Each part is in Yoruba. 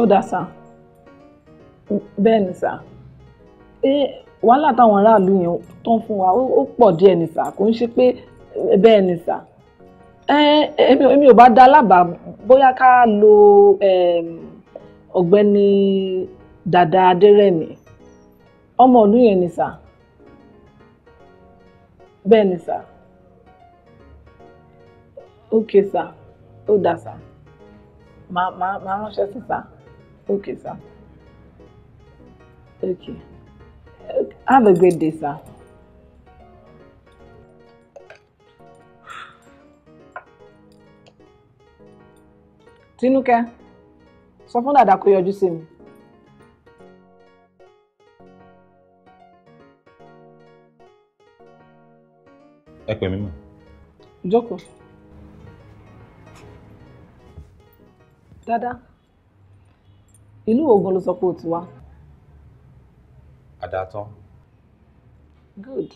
ọ̀dàṣà bẹ́ẹ̀ ni sà pé wàhálà táwọn aráàlú yẹn tó ń fún wa ó pọ̀ díẹ̀ ni sà kò ń ṣe pé bẹ́ẹ̀ ni èmi ò bá dá lábàá bóyá ká lo ọ̀gbẹ́ni dada adérẹ̀mí ọmọ ìlú yẹn ni sà bẹ́ẹ̀ ni sà ok ó dà sà màá ránṣẹ́ sí sà. Okay, sir. Okay. Have a great day, sir. Tinuke. sọ fún dàdà kó yọjú sí mi. Ẹ pè Dada ìlú wo ló sọ pé o ti wá. àdàtán. good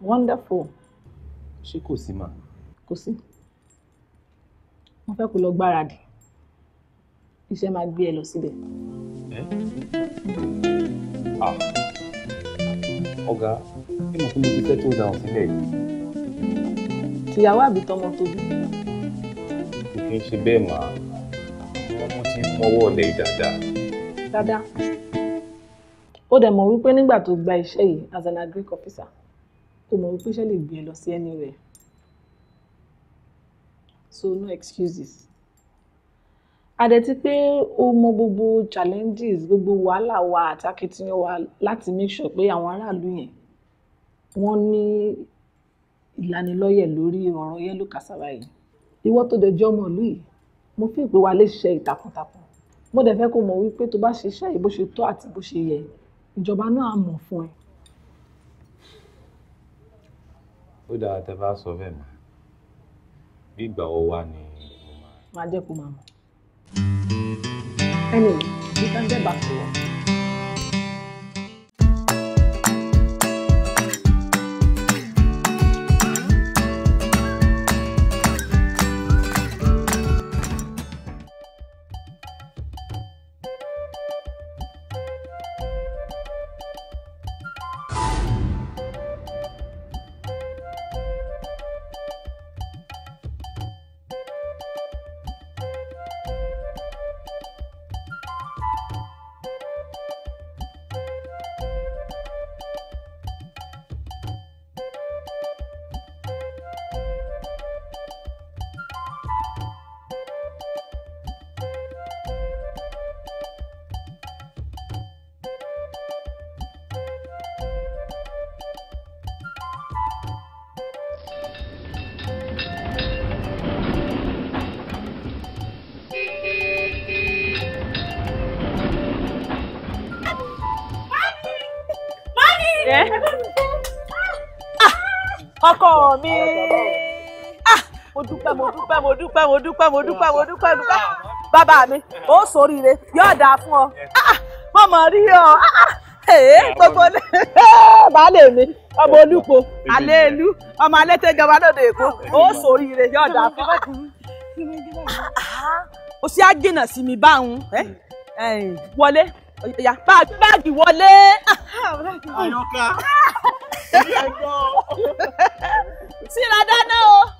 wonderful. ṣé kò sí mà. kò sí. mo fẹ́ kó lọ gbáradì iṣẹ́ máa gbé ẹ lọ síbẹ̀. Ah. ọ̀gá bí mo fún mi ti fẹ́ tó dáhùn sílẹ̀ yìí. tìyàwó àbí tọmọ tóbi. kò kí ṣe bẹ́ẹ̀ máa kí n mọ́wọ́ lé dáadáa. dáadáa ó dẹ̀ mọ̀ wípé nígbà tó gba iṣẹ́ yìí as an agric officer kò mọ̀ wípé iṣẹ́ lè gbé ẹ lọ sí anywhere so no excuses àdẹ̀tí pé ó mọ gbogbo challenges gbogbo wàhálà wa àti akitiyan wa láti make sure pé àwọn aráàlú yẹn wọ́n ní ìlanilọ́yẹ̀ lórí ọ̀rọ̀ yẹ́lò kàsàrà yìí ìwọ tó dẹ̀ jẹ́ ọmọ ìlú mo fi ìpè wa lè ṣiṣẹ́ ìtàkùntàkùn mo dẹ̀ fẹ́ kó mọ̀ wípé tó bá ṣiṣẹ́ yìí bó ṣe tọ́ àti bó ṣe yẹ ìjọba náà á mọ̀ fún ẹ. ó dáa tẹ bá sọ bẹ́ẹ̀ mọ́ bí ìgbà wo wá ni máa. jẹ́ kó máa mọ̀. anyway you can get back to dúpẹ́ mo dúpẹ́ mo dúpẹ́ mo dúpẹ́ dúpẹ́ bàbá mi ó ṣoríire yóò dáa fún ọ ah, ah, mo mọ̀ rí ọ ah, gbogbo eh, baálé mi ọmọ olúpo alẹ́ ìlú ọmọ alẹ́ tẹ́ jọba lóde èkó ó ṣoríire yóò dáa fún ọ o sì á jìnnà sí mi báwọn eh? eh, wọlé ìyá báàgì wọlé. àyọkà síra dáná o.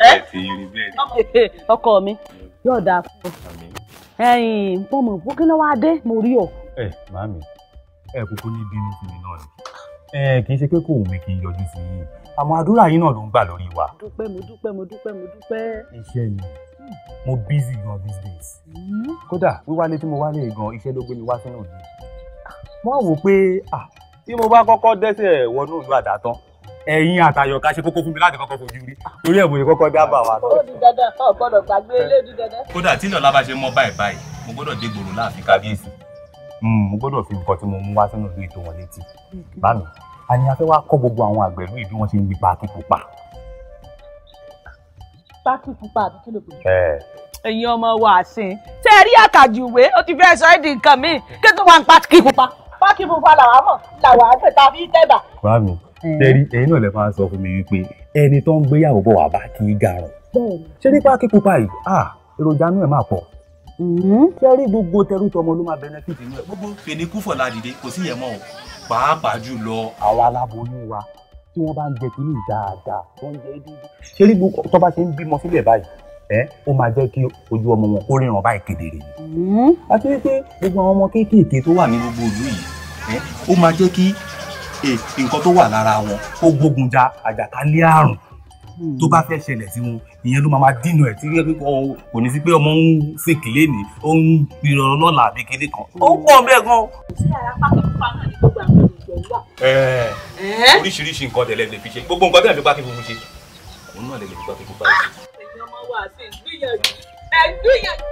Eh? ọkọ mi yóò dáa fún ọ ẹyìn pọmọ fúnkínlẹ wàá dé mo rí ọ. ẹ màámi ẹ kúkú ní bínú fún mi náà ni ẹ kì í ṣe pé kò wù mí kí n yọjú sí yìí àmọ́ àdúrà yín náà ló ń gbà lórí wa. mo dúpẹ́ mo dúpẹ́ mo dúpẹ́ mo dúpẹ́. iṣẹ́ ni mo busy gan these days. Hmm? kódà wíwálé tí mo wálé gan iṣẹ́ ló gbé mi wá sínú ìlú. mo wò pé tí mo bá kọ́kọ́ dẹ́sẹ̀ wọnú ìlú àdá tán ẹ̀yin àtàyọ̀ká ṣe kókó fún mi láti kọ́kọ́ fojú rí torí ẹ̀bùn ìkọ́kọ́ bí àbà wa. ó di dandan ó gbọ́dọ̀ gbàgbé eléyìí dandan. kódà tí ìnà lábàṣe mọ báyìí báyìí mo gbọ́dọ̀ dé gbòòrò láàfin kábíyèsí. Hmm, mo gbọ́dọ̀ fi nǹkan tí mo mú wá sínú ìlú ètò wọn létí bá mi a ní a fẹ́ wá kọ́ gbogbo àwọn àgbẹ̀ lóyè bí wọ́n ṣe ń gbé páàkì pupa. páàkì pupa àbí kí ló pè é. ẹ̀yin ọmọ wa àsìn tẹ́ ẹ rí àkàjùwé ó ti fẹ́ sọ ẹ́ di nǹkan míì kí tó wà ń páàkì pupa. páàkì pupa làwa mọ̀ làwa àgbẹ̀ tàbí tẹ́bà. bá mi tẹ́rí ẹ̀yin náà lè máa sọ fún mi wípé ẹni tó ń gbéyàwó bọ̀ wá bá kí í garun ṣé nípa kíkú pa yìí èròjà inú ẹ̀ máa pọ̀ tẹ́rí mm-hmm. gbogbo tẹrú tọmọ ló máa benefit inú ẹ̀ gbogbo fèníkú fọ̀lá dìde kò sí yẹn mọ́ o pàápàá jùlọ àwa aláboyún wa tí wọ́n bá ń jẹ kínní dáadáa wọ́n jẹ é dúdú ṣé rí tó bá ṣe ń bímọ sílẹ̀ báyìí ẹ ó máa jẹ́ kí ojú ọmọ wọn kó ríran báyìí kedere mm-hmm. àti wípé gbogbo àwọn ọmọ kéékèèké tó wà ní gbogbo ìlú yìí ó máa jẹ́ kí nǹkan tó wà lára wọn ó gbógun ja àjàkálẹ̀ àrùn tó bá fẹ́ ṣẹlẹ̀ sí wọn ìyẹn ló máa dínà ẹ̀ tí kò ní sí pé ọmọ ń sèkì lénìí ó ń gbìrọ̀ lọ́la àbí kéde kan ó pọ̀ bẹ́ẹ̀ gan. oríṣiríṣi nǹkan tẹ̀lé lè fi ṣe gbogbo nǹkan tẹ̀lé fi pa ṣe òun náà lè fi pa kí funfun ṣe. ẹ̀yin ọmọ wa àti ìgbìyànjú ẹ̀ gbìyànjú.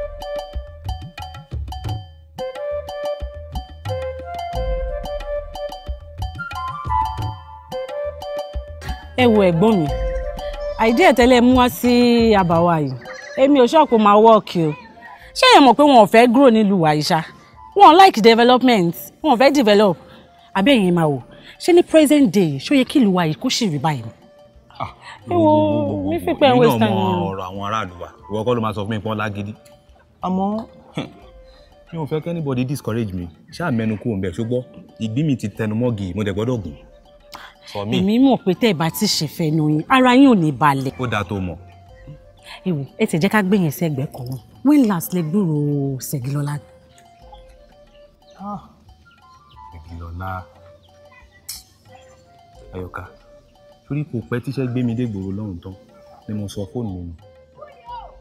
ẹ wo ẹ̀gbọ́n mi àìdí ẹ̀tẹ́lẹ̀ mú wá sí àbáwá yìí èmi ò ṣọ́ọ̀kù máa wọ́ọ̀kì o ṣé èèyàn mọ̀ pé wọn ò fẹ́ grow nílùú àyíṣà wọn like development wọn ò fẹ́ develop àbí ẹ̀yin máa wò ṣé ní present day ṣó yẹ kí ìlú wa yìí kó sì rí báyìí. Ah, ẹ wo mi fi pẹ́ waste time. nínú ọ̀rọ̀ àwọn aráàlú wa ìwọ kọ́ ló máa sọ fún mi pọ́n lágídí. àmọ́ mi ò fẹ́ kí anybody discourage me. ṣáà mẹ́nu kú òun bẹ̀ ṣùgbọ́n ìgbín mi ti tẹnu mọ́gì mo dẹ̀ gbọ́dọ̀ gùn sọmi. èmi mọ̀ pé tẹ́ ẹ bá ti ṣèfẹ́ nu yín ara yín ò ní balẹ̀. ó dáa tó mọ̀. ẹ wò ẹ tẹ̀ jẹ́ ká gbẹ̀yìn sí ẹgbẹ́ kan náà when last lè gbúrò Ṣẹ̀gilọ́lá. Ah. Ṣẹ̀gilọ́lá Ayọ̀ká torí kò pẹ́ tíṣẹ́ gbé mi dé gbòòrò lọ́hùn tán ni mo sọ fóònù mi nù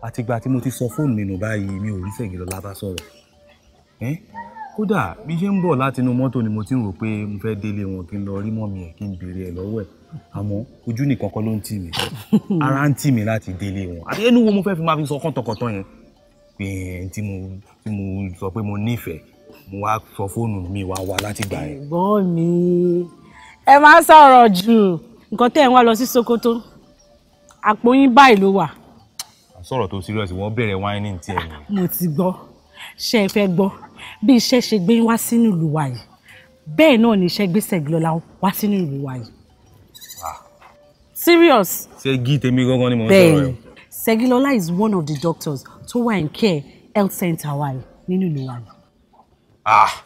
àtìgbà tí mo ti sọ fóònù mi nù báyìí mi ò rí Ṣẹ̀gilọ́lá bá sọ̀rọ̀ kódà bí ṣe ń bọ̀ látinú mọ́tò ni mo ti ń rò pé mo fẹ́ délé wọn kí n lọ rí mọ́mì ẹ̀ kí n béèrè ẹ̀ lọ́wọ́ ẹ̀ àmọ́ ojú nìkan kọ́ ló ń tì mí ara ń tì mí láti délé wọn àti ẹnu wo mo fẹ́ fi máa fi sọ kọ́ntọ̀kọ́ntọ̀ yẹn pé ẹni tí mo tí mo sọ pé mo nífẹ̀ẹ́ mo wá sọ fóònù mi wá wá láti gbà yẹn. ẹ̀gbọ́n mi ẹ máa sọ̀rọ̀ jù nǹkan tẹ́ ẹ̀ ń wá lọ sí Sokoto àpò yín báyìí ló wà. sọ̀rọ̀ tó serious wọ́n bẹ̀rẹ̀ wáìnì tiẹ̀ ni. mo ti gbọ́ ṣé ẹ fẹ́ gbọ́ bí iṣẹ́ ṣe gbé wá sínú ìlú wa yìí bẹ́ẹ̀ náà ni iṣẹ́ gbèsè gbìlọ́lá wá sínú ìlú wa yìí. Ah. serious. ṣégi tèmi gangan ni mo ń sọ̀rọ̀ yẹn. Ṣẹ́gilọ́lá is one of the doctors tó wà in care health center wa yìí nínú ìlú wa yìí. ah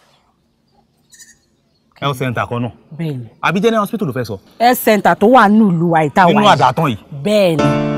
health center kan náà. bẹ́ẹ̀ni. àbí general hospital ló fẹ́ sọ. health center tó wà nínú ìlú wa yìí tá yìí. nínú àdàtàn yìí. bẹ́ẹ̀ni.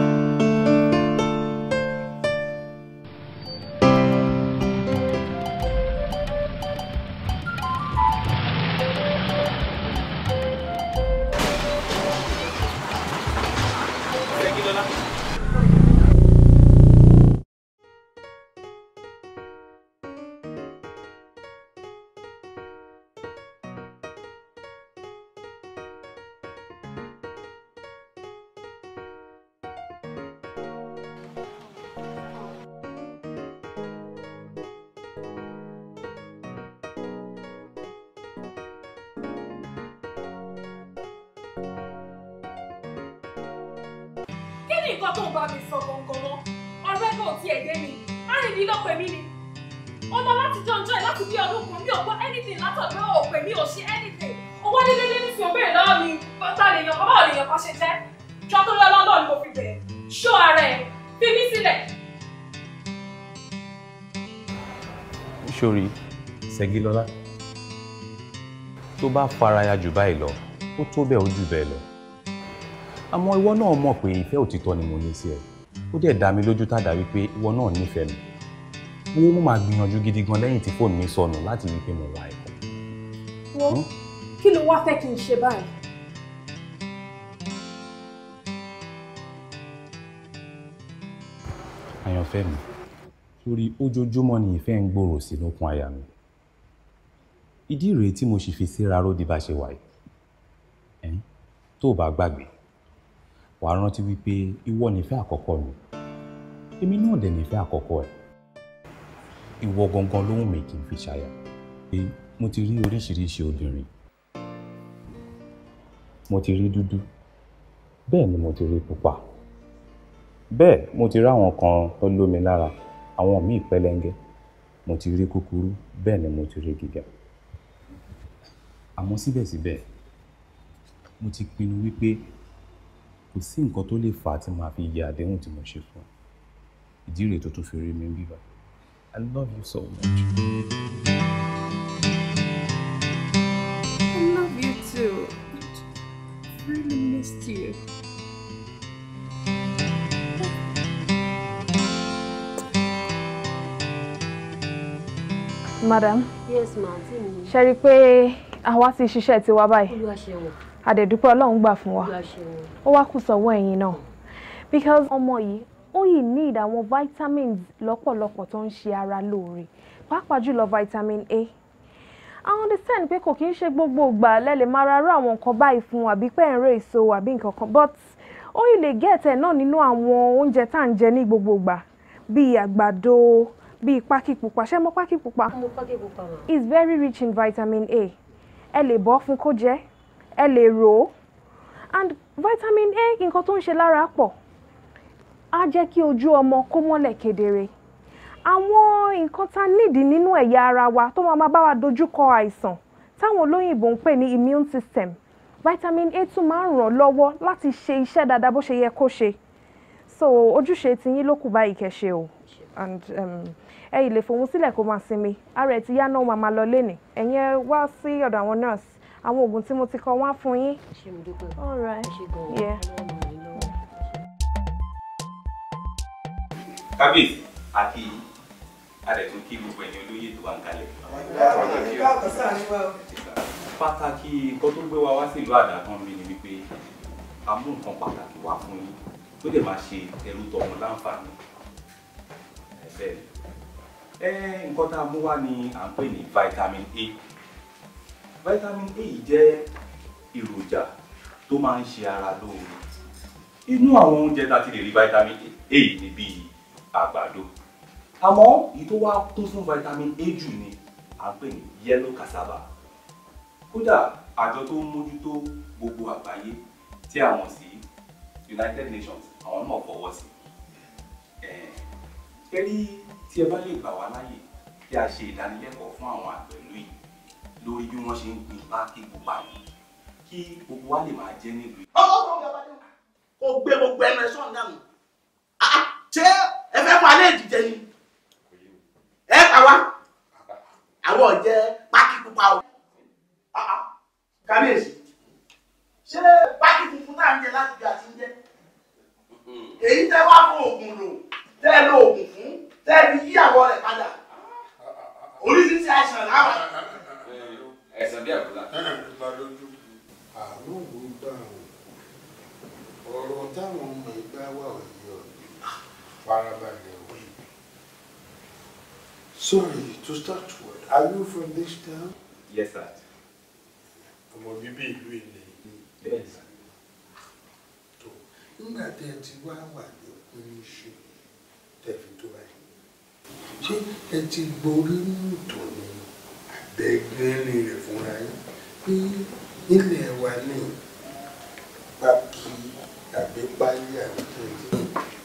ṣọ́ ara ẹ̀ fi mí sílẹ̀. sori Ṣẹ́gilọ́lá tó bá faraya jù báyìí lọ ó tó bẹ́ẹ̀ ó jù bẹ́ẹ̀ lọ àmọ́ ìwọ náà mọ̀ pé ìfẹ́ òtítọ́ ni mo ní sí ẹ ó dẹ̀ dá mi lójú tàdá wípé ìwọ náà nífẹ̀ẹ́ mi wo mo máa gbìyànjú gidi gan lẹ́yìn tí fóònù mi sọnù láti rí i pé mo wà ẹ̀kọ́. wo hmm? kí ló wá fẹ́ kí n ṣe báyìí àyànfẹ́ mi torí ojoojúmọ́ ni ìfẹ́ ń gbòòrò sí lókun àyà mi ìdí rèé tí mo sì fi síra ródi bá ṣe wà yìí tó o bá gbàgbé wàá rántí wípé ìwọ nífẹ̀ẹ́ àkọ́kọ́ mi èmi náà dẹ̀ nífẹ̀ẹ́ àkọ́kọ́ ẹ̀ ìwọ gangan ló wù mí kí n fi ṣàyà pé mo ti rí oríṣiríṣi obìnrin mo ti rí dúdú bẹ́ẹ̀ ni mo ti rí pupa bẹ́ẹ̀ mo ti rí àwọn kan tó lómi lára àwọn míì pẹlẹngẹ mo ti rí kúkúrú bẹ́ẹ̀ ni mo ti rí gíga àmọ́ síbẹ̀síbẹ̀ mo ti pinnu wípé kò sí nǹkan tó lè fà á tí màá fi yẹ àdéhùn tí mo ṣe fún ẹ ìdí rèé tó tún fi rí mi bíbá I love you so much. madam. yes ma àǹtí mi. ṣe rí i pé àwa ti ṣiṣẹ́ tiwa báyìí. olúwa ṣe wọ̀. àdẹ̀dúpẹ́ ọlọ́run gbà fún wa. olúwa ṣe wọ̀. ó wá kù sọ́wọ́ ẹ̀yin náà. because ọmọ yìí ó yìí need àwọn vitamins lọ́pọ̀lọpọ̀ tó ń ṣe ara lóore pàápàá jùlọ vitamin A I understand pé kò kí ń ṣe gbogbo ìgbà lẹ́lẹ̀ máa ra rú àwọn nǹkan báyìí fún àbí pé ń rè èso àbí nǹkan kan but ó yìí lè gẹ̀ẹ́tẹ̀ náà nínú àwọn oúnjẹ tá à ń jẹ ní gbogbo ìgbà bíi àgbàdo bíi pákí pupa ṣé mo pákí pupa. mo pákí pupa ma. it's very rich in vitamin A ẹ lè bọ́ fún kó jẹ ẹ lè rò ó and vitamin A nǹkan tó ń ṣe lára pọ̀ á jẹ́ kí ojú ọmọ kó mọ́lẹ̀ kedere àwọn nǹkan tá nídìí nínú ẹ̀yà ara wa tó máa bá wa dojúkọ àìsàn táwọn olóyìnbó ń pè ní immune system vitamin A tún máa ń ràn lọ́wọ́ láti ṣe iṣẹ́ dáadáa bó ṣe yẹ kó ṣe so ojúṣe tiyín ló kù báyìí kẹ́ ṣe o and um, ẹ ì lè fòun sílẹ̀ kó máa sinmi ara ẹ̀ ti yá náà máa lọ lénìí ẹ̀yin ẹ wá sí ọ̀dọ̀ àwọn nurse àwọn oògùn tí mo ti kọ wá fún yín. ṣé mo dúpẹ́ all yeah. kábíyèsí àti àdẹ̀tún kí gbogbo ẹ̀yin olóyè tó wà ń kalẹ̀. pàtàkì nǹkan tó gbé wa wá sí ìlú àdàkàn mi ni wípé a mú nǹkan pàtàkì wá fún yín tó lè máa ṣe ẹrú tọmọ láǹfààní. bẹ́ẹ̀ ni nǹkan tá a mú wá ni à ń pè ní vitamin A vitamin A jẹ́ èròjà tó máa ń ṣe ara lóore inú àwọn oúnjẹ tá a ti lè rí vitamin A ni bíi àgbàdo àmọ́ èyí tó wá kún fún vitamin A jù ni à ń pè ní yellow cassava kódà àjọ tó ń mójútó gbogbo àgbáyé tí a sí United Nations àwọn náà fọwọ́ sí ẹ̀ẹ́dẹ́rì tí ẹ bá lè gbà wá láyè kí a ṣe ìdánilẹ́kọ̀ọ́ fún àwọn àgbẹ̀ ìlú yìí lórí bí wọ́n ṣe ń gbin pákí pupa yìí kí gbogbo wa lè máa jẹ́ nílùú. ọwọ́ kan bí ọba dé kò gbé gbogbo ẹnu ẹ sọ̀n dànù ṣé ẹ fẹ́ fún alẹ́ ìdíje ni ẹ kà wá àwọn ọ̀jẹ̀ pákí pupa o ah, ah, kábíyèsí ṣé pákí funfun náà ń jẹ láti bí àti ń jẹ èyí tẹ wá fún oògùn lò tẹ lọ oògùn fún tẹ́ẹ̀bì yí àwọ̀ rẹ̀ padà oríṣiríṣi àìsàn láwà. ẹ̀sán bí àbúlá. àrùn wo gbà ọ́ ọ̀rọ̀ táwọn ọmọ ìgbà wà òye ọ̀ farabalẹ̀ wí. Sorry, to start with, are you from this town? Yes, sir. ọmọ bíbí ìlú ilé yìí. bẹ́ẹ̀ sà. tó nígbà tẹ́ ẹ ti wá wà ní oníṣẹ́ tẹ̀ fi tó báyìí ṣé ẹ ti gborí nìtàn ni àbẹ́gbẹ́rin rẹ̀ fúnra yín pé ilẹ̀ wa ní pákí tàbí páyé àwùjọ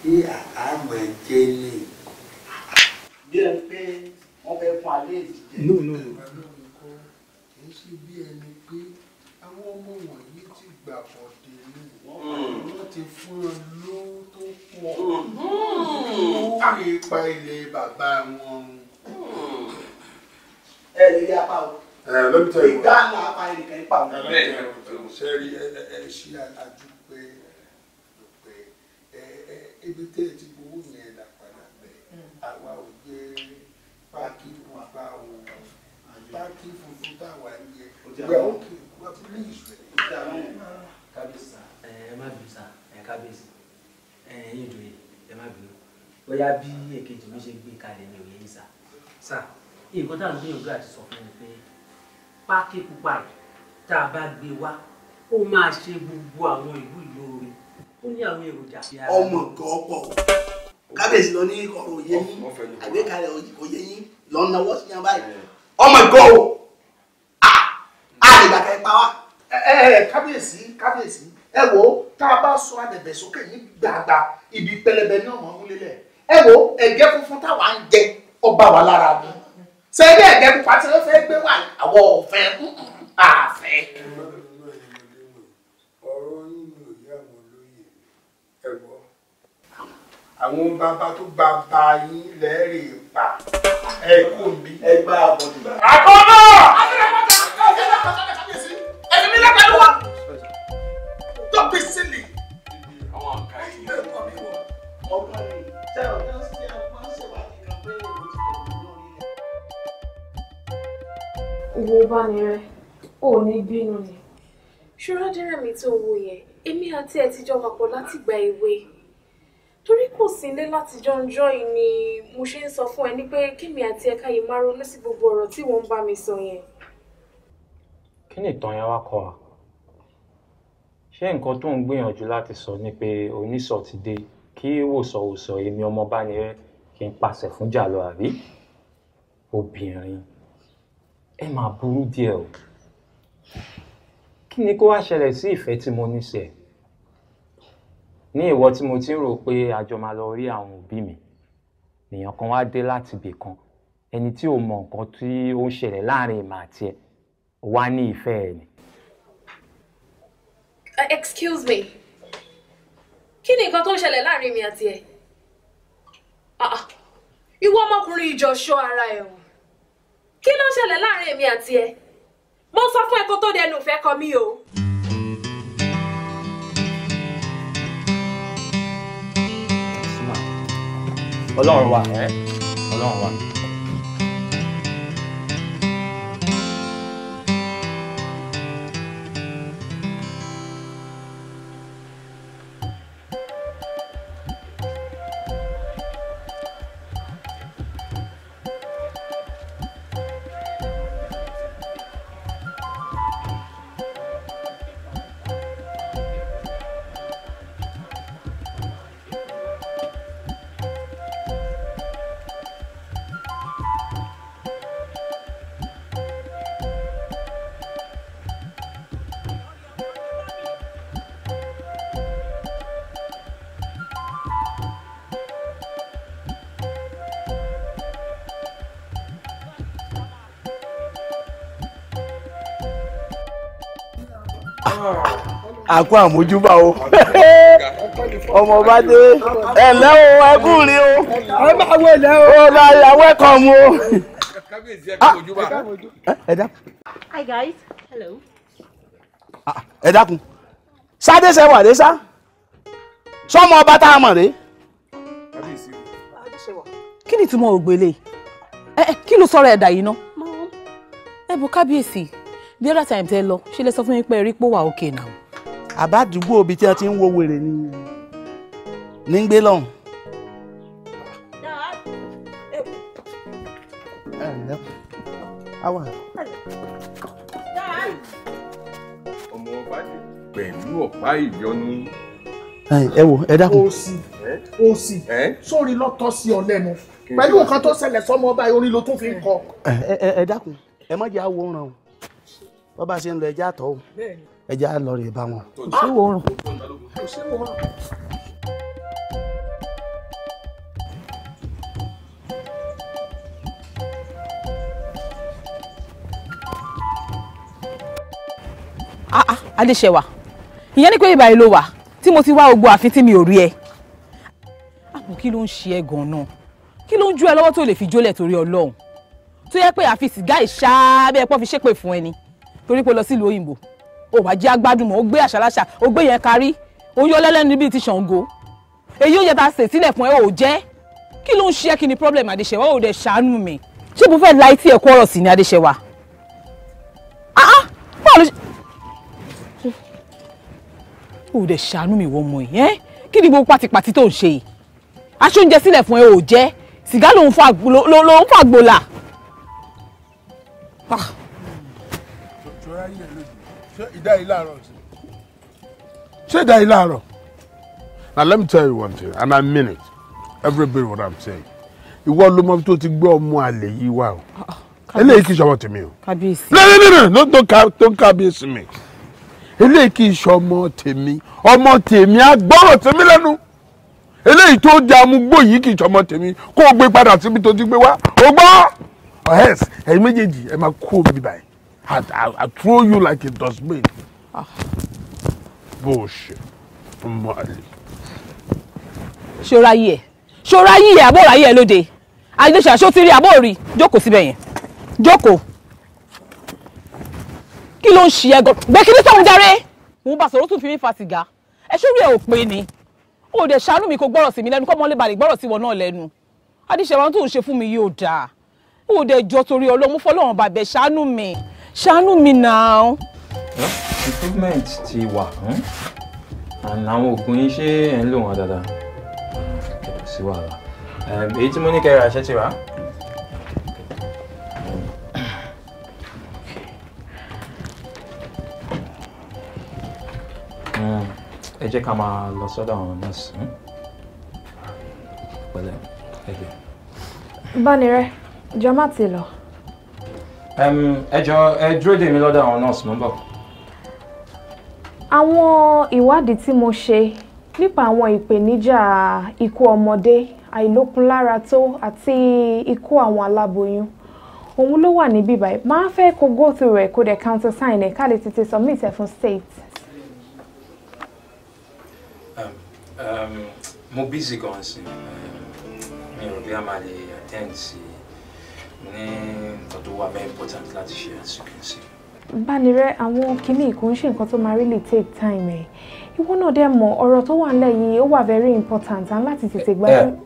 ní àhámọ́ ẹ̀jẹ̀ lè. bí ẹ pé wọ́n fẹ́ fún alẹ́ ìdíje. no no no. kì í ṣe bí ẹni pé àwọn ọmọ wọ̀nyí ti gbà pọ̀ wọ́n ti fún ẹ lówó tó pọ̀ owó hmm. ipa ilẹ̀ bàbá wọn. ẹ lè rí apá o ìgbà apá ilẹ̀ ipa o. ṣe rí ẹ ṣí àdájú pé ibi tẹ́ ẹ ti gbowó yẹn là padà bẹ̀ hmm. àwa ò gbé páàkì fún apá o páàkì funfun táwa ń yẹ gbà ó kì í gbà pílíìsì ẹ má bínú sá ẹ kábíyèsí ẹ yín ìdòye bóyá bí èkejì mi ṣe gbé kalẹ̀ ní òye yìí sá nǹkan tá gbìyànjú àti sọ fún mi pé pákí pupa yìí tá a bá gbé wá ó máa ṣe gbogbo àwọn ìlú ìlóore ó ní àwọn èròjà. ọmọ kan pọ̀ kábíyèsí lọ ní ọ̀rọ̀ òye yín àgbékalẹ̀ òye yín lọ ń nawọ́ sí yan báyìí ọmọ kan o ah, a lè gbà pa wá. ẹ ẹ kábíyèsí kábíyèsí ẹ wo tá a bá sọ àdẹ̀bẹ̀ sókè ní gbàgbà ibi pẹlẹbẹ ní ọmọ ọmúlé lẹ̀ ẹ wo ẹ̀gẹ́ funfun táwa ń jẹ ọba wa lára mi sẹ́yìn ẹ̀gẹ́ pupa tí wọ́n fẹ́ gbé wà àwọ̀ ọ̀fẹ́ àfẹ́. ọ̀rọ̀ nínú ìyá àwọn olóyè ẹ̀wọ̀ àwọn bàbá tó bá ba yín lẹ́rìí pa ẹ kú mi. ẹ gbá àbọ̀dùbà. àkọ́bọ̀. àbẹ̀rẹ̀ pátá ẹ̀sìn mi lẹ́pẹ̀lú wa. Don't be silly. Wo bá ni rẹ, ò ní bínú ni. Ṣúrádìrẹ̀ mi tó wo yẹn, èmi àti ẹ̀ ti jọ wà pọ̀ látìgbà èwe. Torí kò sí ilé látijọ́ ọjọ́ yìí ni mo ṣe ń sọ fún ẹ ní pé kémi àti ẹ̀ka yìí máa ronú sí gbogbo ọ̀rọ̀ tí wọ́n ń bá mi sọ yẹn. Kí ni ìtàn yẹn wá kọ́ wa? ṣé nǹkan tó ń gbìyànjú láti sọ ni pé onísọ ti dé kí wòsọwòsọ èmi ọmọ bá ní rẹ kí n pàṣẹ fún jàlọ àbí obìnrin ẹ máa burú díẹ̀ o kí ni kó wá ṣẹlẹ̀ sí ìfẹ́ tí mo ní sí ẹ ní ìwọ tí mo ti ń rò pé àjọ máa lọ rí àwọn òbí mi nìyàn kan wá dé láti ibì kan ẹni tí ò mọ nǹkan tí ó ń ṣẹlẹ̀ láàrin ìmọ̀ àti ẹ wá ní ìfẹ́ ẹ ni Uh, excuse me kí ni nǹkan tó ń ṣẹlẹ̀ láàrin mi àti ẹ̀ ah, ah. ìwọ ọmọkùnrin ìjọ ṣọ́ ara ẹ̀ o kí ló ń ṣẹlẹ̀ láàrin èmi àti ẹ̀ mo sọ fún ẹ kó tó dẹnu ìfẹ́ kọ mí o. ọlọ́run wa ọlọ́run wa. àkó àmójúbà o ọmọ bá dé ẹ lẹ́ o ẹ kú rí o ẹ bá wọ ilẹ̀ o ó bá yà welcome o. ẹ dákun. hi guys hello. Ah, ah, ẹ dákun sáde ṣe wà dé sá sọmọ ọba tá a mọ̀ rèé. kí ni ìtumọ̀ ògbélé kí ló sọ̀rọ̀ ẹ̀dà yìí ná ẹ bu kábíyèsí the other time tẹ lọ ṣe lè sọ fún yín pé ẹ rí pò wà òkè náà àbádùgbò ibi tí wọ́n ti ń wo wèrè ni ní gbé lọ́hùn. ọmọ ọba dé pẹ̀lú ọ̀pá ìyọnu. ẹ wo ẹ dákun. ó sì ó sì sórí lọ́tọ́ sí ọ lẹ́nu pẹ̀lú nǹkan tó ṣẹlẹ̀ sọ́mọ ọba orí ló tún fi ń kọ. ẹ ẹ dákun ẹ má jẹ́ àwòrán o bọ́ bá ṣe ń lọ ẹjẹ́ àtọ̀ o. bẹ́ẹ̀ ẹja lọ rè bá wọn. kò sí òórùn. kò sí òórùn. adéṣẹwà ìyẹn ni pé ìbà yìí ló wà tí mo ti wá gbogbo àfin tí mi ò rí ẹ. àpò ah, kí ló ń ṣe ẹ gan kí ló ń jú ẹ lọ́wọ́ tó lè fi jólẹ̀ torí ọlọ́run tó yẹ pé àfi sìgá ìṣáábẹ́ ẹ̀pọ́ fi ṣépè fún ẹni torí pé lọ sílùú òyìnbó ó wá jẹ́ agbádùn mọ́ ó gbé àṣàláṣà ó gbé yẹn kárí ó yọ lẹ́lẹ́nu bíi ti ṣàǹgó èyí ó yẹ ta sè sílẹ̀ fún ẹ ò jẹ́ kí ló ń ṣe kí ni problem adéṣẹ́wà ó dẹ̀ ṣàánú mi ṣé mo fẹ́ la etí ẹ̀kọ́ ọ̀rọ̀ sí ni adéṣẹ́wà ah ah báwo ló dẹ̀ ṣàánú mi wọ́n mọ̀ yẹn kí ni gbogbo pátipàti tó ń ṣe yìí aṣọ oúnjẹ sílẹ̀ fún ẹ ò jẹ́ sìgá ló ń fa àgbòlà. Ah. Say ìdá yìí láàárọ̀ sí. ṣé now let me tell you one thing and i mean it Everybody, what i'm saying You want mọ tó ti gbé ọmọ àlè yìí wá o ah, ah, eléyìí kì í ṣọwọ́ tèmi o kábíyèsí no no no tó don't kábíyèsí mi eléyìí kì í ṣọmọ tèmi ọmọ tèmi á gbọ́rọ̀ tèmi lẹ́nu eléyìí tó di amúgbó yìí kì í ṣọmọ tèmi kó o gbé padà síbi tó ti gbé wá o gbọ́ ọ̀hẹ́s ẹ̀yin méjèèjì ẹ máa kú omi báyìí. I, I, I throw you like a dustbin. Ah. Bullshit. Mali. Ṣọ́ra ye, ẹ̀. ye yìí ẹ̀ àbóra yìí ẹ̀ lóde. Adéṣe àṣọ ti rí àbórí. Jókòó síbẹ̀ yẹn. Jókòó. Kí ló ń ṣe ẹ gan? Gbé Mo bá sọ̀rọ̀ tún fi mí fa sìgá. Ẹ ṣórí ẹ̀ ò pé ni. O dẹ̀ ṣàánú mi kó gbọ́rọ̀ sí mi lẹ́nu kọ́ mọ́ lè balẹ̀ gbọ́rọ̀ sí wọn náà lẹ́nu. Adéṣe àwọn tó ń ṣe fún mi yóò dáa. O dẹ̀ jọ torí Ọlọ́run fọlọ́run bàbẹ̀ ṣàánú mi ṣàánú mi náà. improvement ti wà hmm? and àwọn oògùn yín ṣé ẹ̀ ń lò wọ́n dáadáa kò sí wàhálà èyí tí mo ní kẹrẹ àṣẹ ti rà. Hmm, ẹ jẹ́ ká máa lọ sọ́dọ̀ àwọn nọ́ọ̀sì hmm? pẹ̀lẹ́ ẹ jẹ́. bánirẹ̀ jọ má ti lọ ẹ jọ̀ọ́ ẹ dúró dè mí lọ́dọ̀ àwọn nọ́ọ̀sì mò ń bọ̀. àwọn ìwádìí tí mo ṣe nípa àwọn ìpèníjà ikú ọmọdé àìlókunlára tó àti ikú àwọn aláboyún òun ló wà níbí báyìí máa fẹ́ kó go through rẹ̀ kó dẹ̀ counter sign ẹ̀ ká lè tètè submit ẹ̀ fún state. mo busy gan-an sí mi ò rí àmàlè attend ní nǹkan tó very important láti ṣe as you can see. Bánirẹ́ àwọn kìíní kò ń ṣe nǹkan tó máa really take time ẹ̀ eh. ìwọ náà dẹ̀ mọ̀ ọ̀rọ̀ tó wà nílẹ̀ yìí ó wà very important and láti tètè gbádùn. Eh,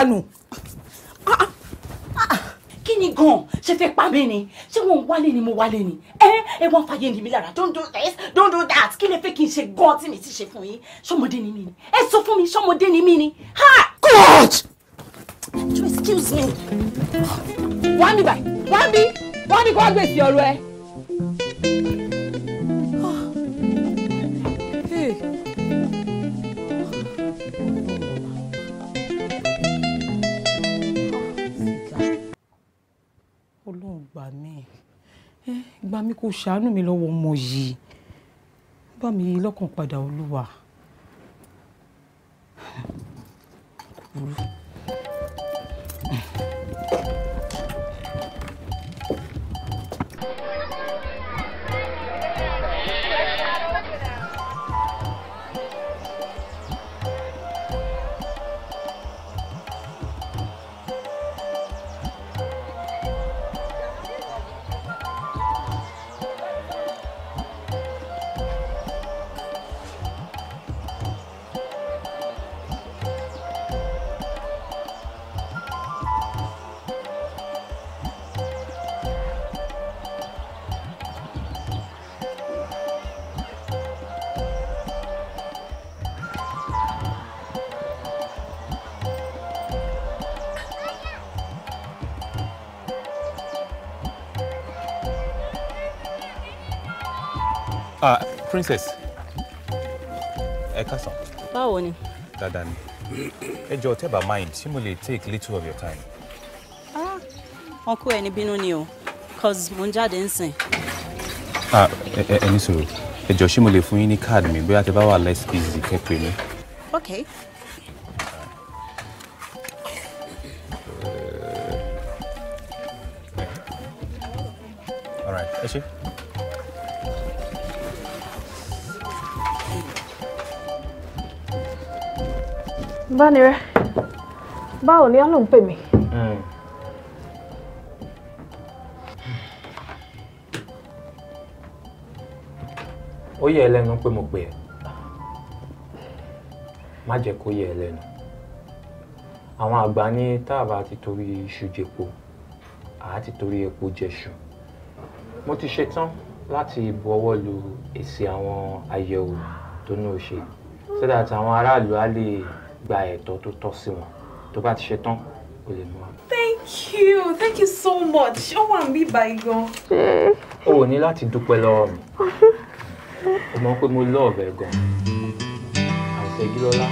dànù. kí ni gan ṣe fẹ́ pa mí ni ṣé wọn wálé ni mo wálé ni ẹ ẹ wọn fàyè ní mi lára don't do this don't do that kí lè fẹ́ kí n ṣe gan tí mi ti ṣe fún yín ṣọmọdé ni mí ni ẹ sọ fún mi ṣọmọdé ni mí ni. God excuse me wá mi báyìí wá mi wá mi kó gbèsè ọ̀rọ̀ ẹ. Ọlọ́run gbà mí ẹ gbà mí kó ṣàánú mi lọ́wọ́ ọmọ yìí bá mi yí lọ́kàn padà olúwa kò burú. princess ẹ kásán. báwo ni. dáadáa ni ẹ jọ tẹ́ bá mind ṣé mo lè take little of your time. wọn ah, kó ẹni bínú ni o cause mo ń jáde ń sìn. Ah, ẹ ní sọ̀rọ̀ ẹ jọ ṣé mo lè fún yín ní káàdì mi bóyá tẹ́ bá wà less busy kẹ́ pè mí. okay. Bánirẹ́, báwo ni Alóhùn pè mí? Hmm. Ó yẹ ẹlẹ́nu pé mo pè ẹ́. Má jẹ́ kó yẹ ẹlẹ́nu. Àwọn àgbà ní tá a bá ti torí iṣu jẹpo, àá ti torí epo jẹṣu. Mo ti ṣetán láti buọwọ́ lu èsì àwọn àyẹ̀wò tó ní o ṣe. Sọ́dà tí àwọn aráàlú á lè gba ẹ̀tọ́ tó tọ́ sí wọn tó bá ti ṣe tán o lè mú wa. thank you thank you so much ó wà mí báyìí gan. o ò ní láti dúpẹ́ lọ́wọ́ mi o mọ̀ pé mo lọ́ọ̀bẹ gan àṣegílọ́lá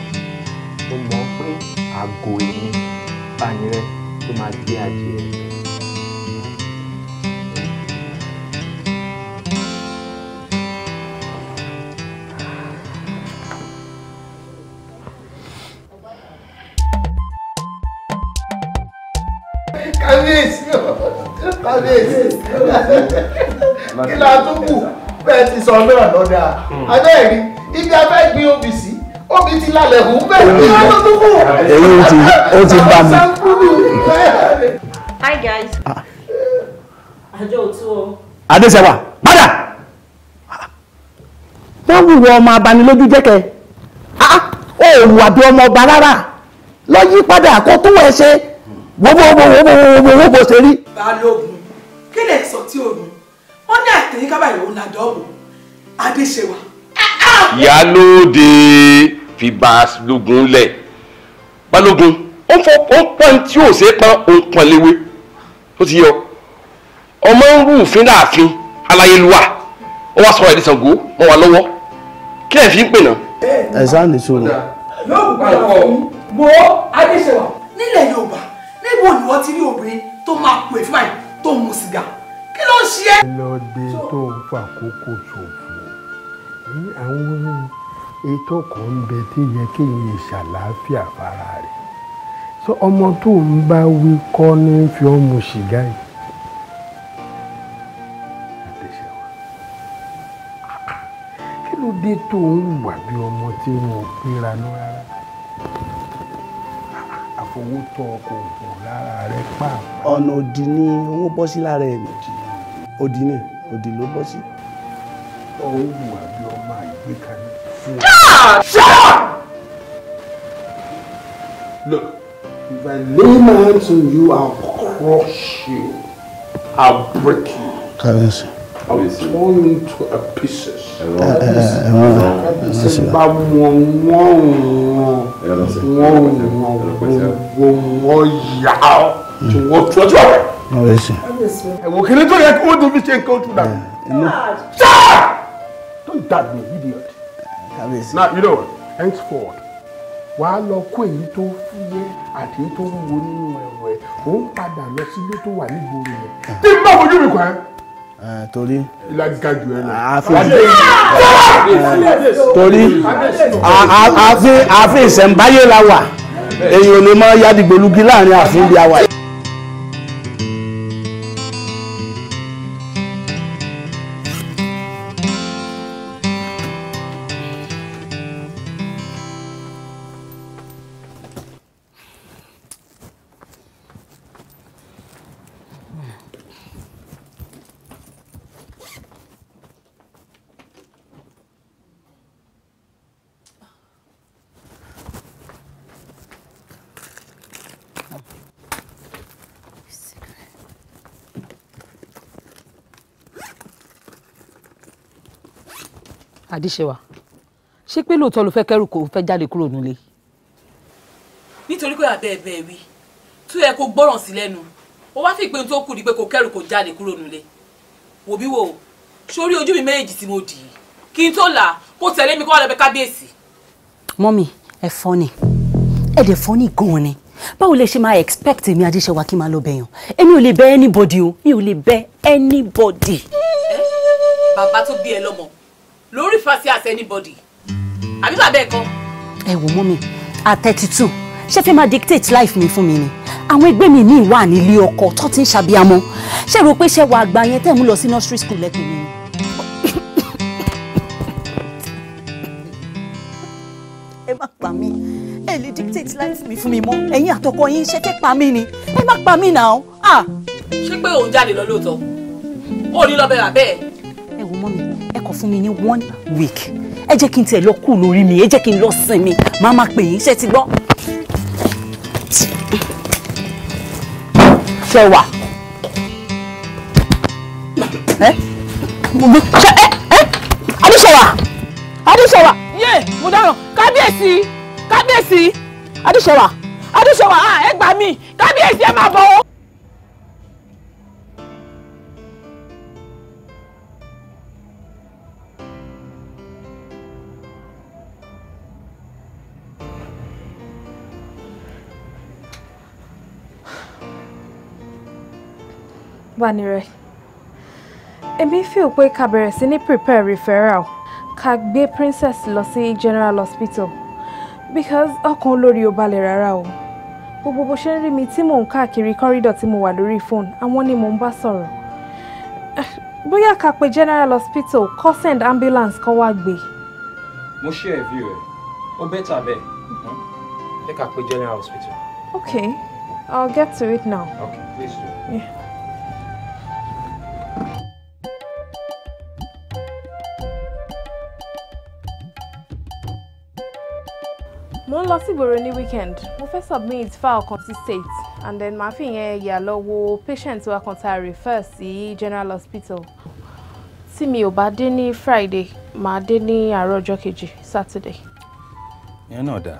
mo mọ̀ pé àgọ́ èyí bá nílẹ̀ tó máa gbé adìẹ rẹ̀. kábíyèsí kábíyèsí kí la tún kù bẹ́ẹ̀ ti sọ náà lọ́dà hmm. abẹ́ẹ̀rí ibi abẹ́ gbin obì sí obì ti lálẹ́ kù bẹ́ẹ̀ kí la tún kù. èyí ó ti ó ti bá mi. hi guys. Ah. àjọ òtún o. adéṣẹ́wà padà wọ́n wùwọ́ ọmọ abanilójú jẹ́kẹ́ ah, ah, ó wùwà bí ọmọ ọba rárá lọ yí padà kó tún wẹ̀ ṣe wo wo wo wo wo wo wo bó ṣe rí. balógun kí lè sọ tí o rún wọn ní àtẹyìn kábàá ìlú ládọọbù adéṣèwà. ìyálóde fi balógun lẹ balógun ó ń fọ ó ń pọn tí ò ṣe pọn ó ń pọn léwé ó ti yọ ọmọ ń rúfin láàfin aláyélúwà ó wá sọ ẹ̀dí Ṣàngó mọ́ wa lọ́wọ́ kí ẹ̀ fi ń pè náà. ẹ̀sán nìṣó. yóò gbàgbọ́ mo adéṣèwà nílẹ̀ Yorùbá níbo ni wọ́n ti rí obìnrin tó máa pò èéfín báyìí tó ń mu sìgá kí ló ń ṣe é. lọ́dẹ tó ń fa àkókò ṣòfò ní àwọn ètò kan bẹ tí yẹ kéèyàn ṣàlàáfíà fara rẹ̀ sọ ọmọ tó ń bá wí kọ́ ní fi ọ́ mu sìgá yìí. kí ló dé tó ń wà bí ọmọ tí wọn ò gbéra lọ rárá fowó tọ kò bọ̀ lára rẹ pàápàá. ọ̀nà òdì ni owó bọ́ sí lára ẹ̀ òdì ni òdì ló bọ́ sí. ọ̀hún ìwà bí ọmọ àgbékalẹ̀ fún ọ. Look, if I lay my hands on you, I'll crush you. I'll break you. Kàrẹ́sì are torn into pieces. ẹsẹ bá wọn wọn wọn wọn wọn yà ọ tí wọn tún ọjọ rẹ. ẹwọ kìíní tó yẹ kó dùn mí ṣe nǹkan oṣù dàgbà. ṣáà don't dab me idiot. now you know what henceforward wàá lọ kó èyí tó fúyẹ́ àti èyí tó wúwo nínú ẹ̀rọ ẹ̀ òun padà lọ sílé tó wà nígboro yẹn. tí n bá fojú mi kàn án torí torí ààfin ààfin ìṣẹ̀ǹbáyé la wà èyí ò lè mọ yadigbolugi láàrin ààfin bí a wà. àdìṣẹ́wà ṣé pé lóòótọ́ ló fẹ́ kẹ́rù kó fẹ́ jáde kúrò nílé. nítorí pé àbẹ́ ẹ̀bẹ̀ wí tó yẹ kó gbọ́ràn sí lẹ́nu ó wá fi ìpinnu tó kù ní pé kó kẹ́rù kó jáde kúrò nílé wò bí wò sórí ojú mi méjèèjì tí mo dì í kí n tó là kó tẹ̀lé mi kó wà lọ́bẹ̀ kábíyèsí. mọ́mì ẹ fọ́ ni ẹ dẹ̀ fọ́ ni gan ni báwo lè ṣe máa expect èmi adéṣẹ́wà kí máa lọ bẹ̀yàn èmi ò lè bẹ anybody o mi ò lè bẹ anybody. bàbá tó bí ẹ lọ́mọ lórí fàṣẹ as anybody àbí bàbá ẹ kọ. ẹ wò mọ́ mi at thirty two ṣé fi máa dictate life mi fún mi ni àwọn ẹgbẹ́ mi míì wà nílé ọkọ tó ti ń ṣàbíamọ́ ṣé rò pé ṣé wàá gba yẹn tẹ̀ mú lọ sí nursery school lẹ́pẹ́ mi. ẹ má pa mí ẹ lè dictate life mi fún mi mọ́ ẹ̀yin àtọkọ yín ṣe fẹ́ pa mí ni ẹ má pa mí náà. Ah! ṣé pé òun jáde lọ lóòótọ́ ó ní lọ́bẹ̀ rà bẹ́ẹ̀. ẹ wò mọ́ mi ẹ kàn fún mi ní one week ẹ jẹ́ kí n tiẹ̀ lọ kú lórí mi ẹ jẹ́ kí n lọ sinmi màá máa pè yín ṣe ti gbọ́. ṣe wà. ẹ ṣe ẹ ẹ adúṣọwà adúṣọwà. yé mo dáràn kábíyèsí kábíyèsí adúṣọwà adúṣọwà ah, ẹ gbà mí kábíyèsí ẹ máa bọ̀ ọ́. Banire èmi fi pé ká bẹ̀rẹ̀ sí ní prepare referral ká gbé princess lọ sí general hospital because ọkàn olórí ò balẹ̀ rárá o gbogbo bó ṣe ń rí mi tí mò ń káàkiri kọ́rídọ̀ tí mo wà lórí fóònù àwọn ni mò ń bá sọ̀rọ̀ eh, bóyá ká pe general hospital kó send ambulance kó wá gbé. mo ṣe view rẹ̀ ó bẹ́tà bẹ́ẹ̀ mm-hmm. ẹ ká pe general hospital. okay I'll get to it now. okay please do. Yeah. gbòòrò ní weekend mo fẹ́ submit file kan sí state and then màá fi yẹn yà lọ wo patient wa kan tá a refer sí general hospital tí mi ò bá dé ní friday màá dé ní àárọ̀ ọjọ́ kejì saturday. ìyẹn náà dáa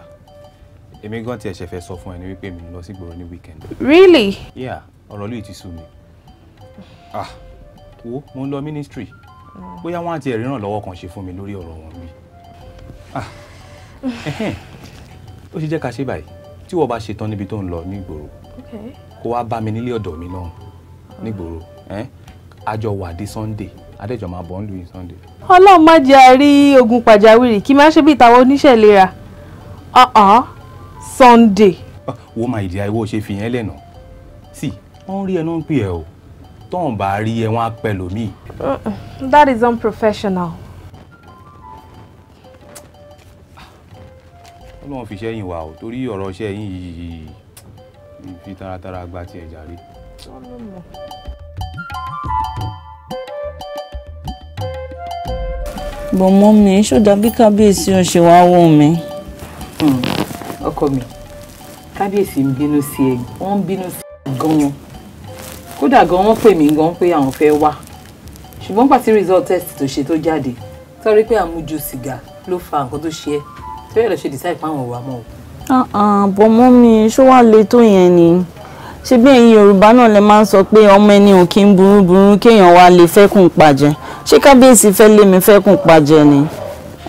èmi gan tiẹ̀ ṣe fẹ́ sọ fún ẹni wípé mi lọ sí gbòòrò ní weekend. really. yeah ọ̀rọ̀ lóye ti sú mi ah wo mo ń lọ ministry mm. bóyá wọn àti ẹ̀rí ìrànlọ́wọ́ kan ṣe fún mi lórí ọ̀rọ̀ wọn bí ah ó ṣe jẹ́ ká ṣe báyìí tí wọ́n bá ṣetán níbi tó ń lọ nígboro kó wá bá mi nílé ọ̀dọ̀ mi náà nígboro àjọ wà Sunday adéjọ máa bọ̀ ń lu Sunday. Ọlọ́run má jẹ́ àrí ogun pàjáwìrì kí n má ṣe bí ìtawọ́ oníṣẹ́ Sunday. Ah, wo máa ìdí àìwọ́ ṣe fi yẹn lẹ́nu sí wọ́n rí ẹnu ń pè ẹ́ o tọ́hún rí ẹ wọ́n that is unprofessional. náà fi sẹ́yìn wa o torí ọ̀rọ̀ sẹ́yìn yìí fi taratara gba tiẹ̀ jàre. bọ̀ mọ́ mi ṣọ́dà bí kábíyèsí ò ṣe wáá wọ̀ mí. Hmm, ọkọ mi kábíyèsí ń bínú sí ẹ wọ́n ń bínú sí ẹ gan-an kódà gan wọ́n pè mí gan pé àwọn fẹ́ wá ṣùgbọ́n pàtí result test tó ṣe tó jáde torí pé àmujù sìgá ló fa nǹkan tó ṣe ẹ́ fẹ́rẹ̀ ṣe decide fáwọn òwà mọ́ o. bọ̀ mọ́ mi ṣó wàá le tó yẹn ni ṣé bí ẹ̀yin yorùbá náà lè máa ń sọ pé ọmọ ẹni ò kí ń burú burú kéèyàn wá lè fẹ́kùn pàjẹ́ ṣé kábíyèsí fẹ́ lé mi fẹ́kùn pàjẹ́ ni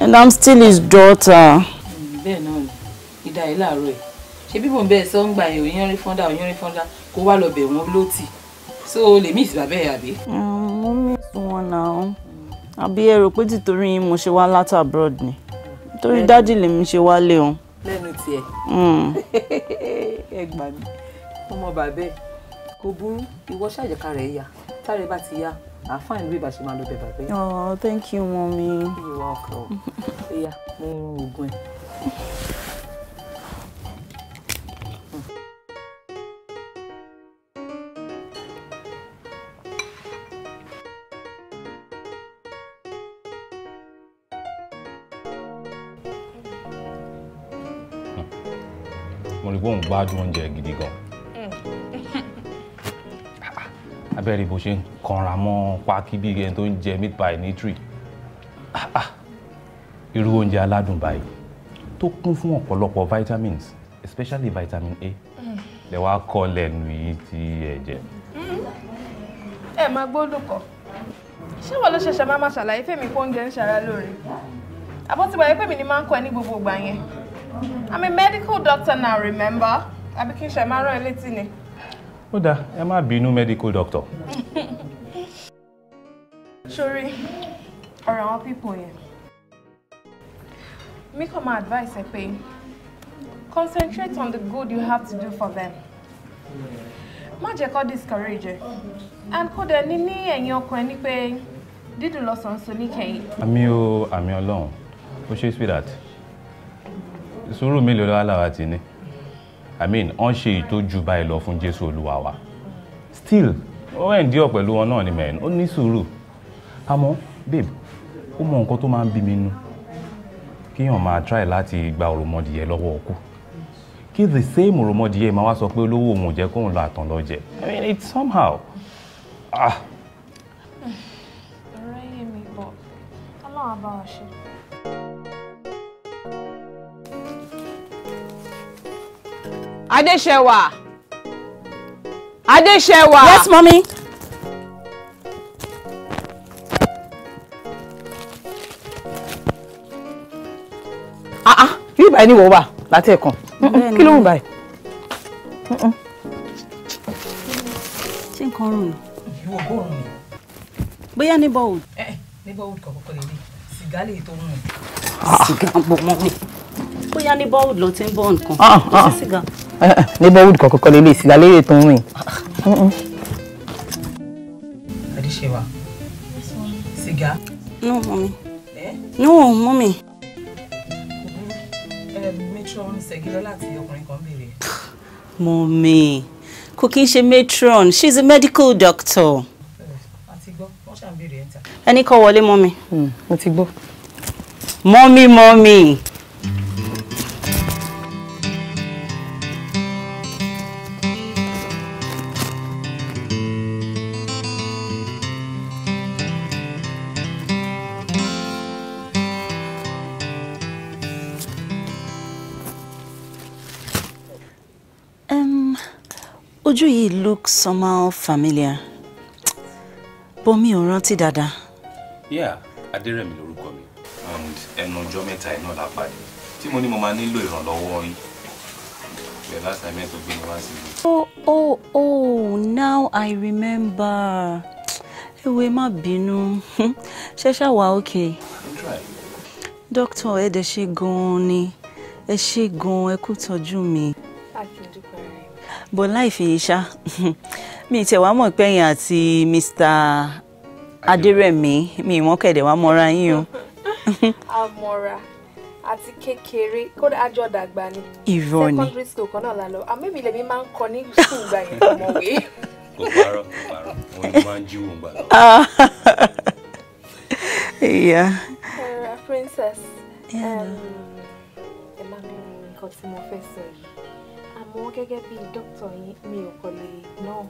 and i'm still his daughter. bẹ́ẹ̀ náà ni ìdá yìí láàárọ̀ ẹ̀ ṣe bí mò ń bẹ́ẹ̀ sọ ń gbà yẹn òyìnrín fọ́ndà òyìnrín fọ́ndà kó wá lọ bẹ̀ wọ́n lótì so lè mí ìsìlá bẹ́ẹ̀ àbí. Mm, mo mí ìsún wọn náà àbí ẹ rò pé tìtorí mo ṣe wá láti abroad ni torí dádì lèmi ṣe wálé o. lẹ́nu tiẹ̀ hmm. ẹ gbà mí ọmọ bàbá ẹ kò burú ìwọ ṣàjẹká rẹ̀ yá táre bá ti yá àáfàá ìlú ìbá ṣe máa lọ bẹ bàbá ẹ. oh thank you mọ́mí. ìwà ọkọ ìyá mo ń rún oògùn ẹ. pẹ̀lú pé òun gbádùn oúnjẹ gidi gan. abẹ́rẹ́ bó ṣe ń kanra mọ́ pákí bí ẹni tó ń jẹ meat pie ní tree. irú oúnjẹ aládùn báyìí tó kún fún ọ̀pọ̀lọpọ̀ vitamins especially vitamin A lè wá kọ́ lẹ́nu yìí tí ẹ jẹ. ẹ máa gbọ́dọ̀ kọ́ ṣé wọ́n ló ṣẹ̀ṣẹ̀ máa máa ṣàlàyé fèmí pé oúnjẹ ń ṣara lóore àbọ̀tí wáyé pèmí ni máa ń kọ́ ẹ ní gbogbo ìgbà yẹn. I'm a medical doctor now, remember? Abikin Shemaro Eletini. Ó dáa, ẹ a bínú medical doctor. Sorry, around people here. yẹn. Mi kàn advice ẹ pé concentrate on the good you have to do for them. Má jẹ́ kó discourage ẹ. And kó dẹ̀ ní ní ẹ̀yìn ọkàn ẹ ní pé dídùn lọ́sàn-án so níkẹyìn. Àmì o, àmì Ọlọ́run, ó ṣe sweetheart sùúrù mélòó lọ́wọ́ làwa ti ní i mean wọ́n ṣe ìtọ́jú báyìí lọ fún jésù olúwa wa still ó ẹ̀ ń díọ̀ pẹ̀lú wọn náà ni mẹ́rin ó ní sùúrù àmọ́ babe ó mọ nǹkan tó máa ń bí mi nú kéèyàn máa try láti gba òròmọdìyẹ lọ́wọ́ òkú kí the same òròmọdìyẹ máa wá sọ pé olówó òun ò jẹ́ kóun lọ àtàn lọ i mean it somehow ah. ọ̀rẹ́ yé mi bọ̀ ọlọ́run á ṣe. Adéṣẹwà. Adéṣẹwà. Yes, mommy. Ah ah, You buy any wò Let's take one. Kí ló ń báyìí? Ṣé nǹkan rùn ni? Ìlú ọgọ́rùn ni. Bóyá ní bọ́ọ̀d. Ẹ eh, eh, ní bọ́ọ̀d kọ̀ọ̀kan lè rí. Sìgá lè tó rùn. Sìgá gbọ̀mọ́ ni. Bóyá ní bọ́ọ̀d ló ti ń bọ́ nǹkan. Ó ah, ah. sì neighborhood kọ̀ọ̀kan kọ́ lélẹ̀ ìsìlá lérè tó to rìn. Adéṣewà sìgá. no mọ́mí no mọ́mí. matron ṣègilọ́ láti ọkùnrin kan béèrè. mọ́mí kò kí n matron She's a medical doctor. ẹni kọ́ mommy? mọ́mí. What's it gbọ́. Mommy, mommy. look somehow familiar bó mi ò rántí dáadáa. yeah adérẹ̀mí lorúkọ mi and ẹnu ọjọ́ mẹ́ta iná la tí mo ní mo máa nílò ìrànlọ́wọ́ yín bẹ́ẹ̀ last time ẹ̀ gbé mi wá sí i. oh oh oh now i remember ewé má bínú ṣẹ̀ṣẹ̀ wà okay. dókítà ẹ̀ dẹ̀ ṣe gan-an ni ẹ ṣe gan-an ẹ kú tọ́jú mi bó láì fi ṣá mi tẹ̀ wá mọ̀ pẹ́yìn àti Mr. Adérẹ̀mí mi ìwọ́n kẹ̀dẹ̀ wá mọ́ra yín o. àmọ́ra àti kékeré kódà àjọ dàgbà ni. irọ́ ni secondary school kan náà la lọ àmọ́ èmi lèmi máa ń kọ ní school gbà yẹn mọ̀wé. kò parọ́ kò parọ́ òun máa ń jíwò gbà lọ. ìyá. Ah. Uh, princess um, ẹ máa ń bí nǹkan tí mo fẹ́ sọ yìí àmọ́ gẹ́gẹ́ bí dókítà yín mi ò kọ́ lè náà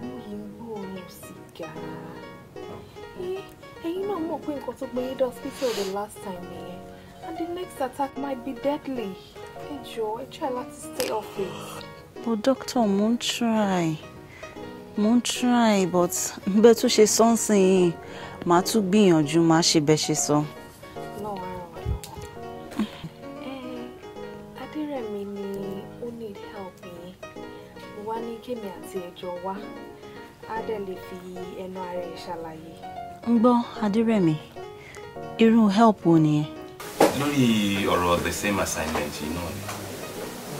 mi ì ń gbóòórùn sìgá eh, ẹ̀yin náà mọ̀ pé nǹkan tó gbé yín hospital the last time nìyẹn and the next attack might be deadly ẹ jọ̀ọ́ ẹ try láti stay off it. o doctor mo ń try mo ń try but bẹ́ẹ̀ tún ṣe sọ́nsìn yìí màá tún gbìyànjú màá ṣe bẹ́ẹ̀ ṣe sọ. So. ṣàlàyé. ń gbọ́ adírẹ̀mí irú help wo nìyẹn. lórí ọ̀rọ̀ the same assignment yìí náà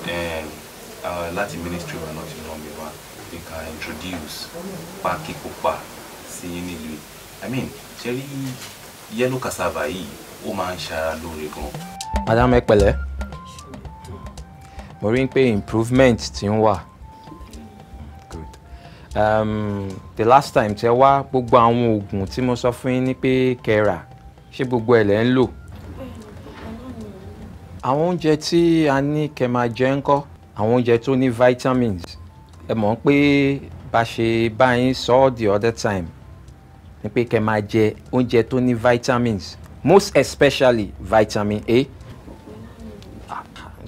ni láti ministry wa náà ti ràn mí wá we can introduce pa kíkópa sí nílùú i mean ṣe rí yellow cassava yìí ó máa ń ṣara lóore gan. madam ẹ pẹ̀lẹ́ mo rí i pé improvement ti ń wà um, the last time tẹ wá gbogbo àwọn oògùn tí mo sọ fún yín ni pé kẹrà ṣé gbogbo ẹ̀ lẹ́ ń lò. àwọn oúnjẹ tí a ní kẹ máa jẹ ń àwọn oúnjẹ tó ní vitamins ẹ mọ̀ pé bá ṣe bá sọ ọ́ the other time ni pé kẹ máa jẹ oúnjẹ tó ní vitamins most especially vitamin A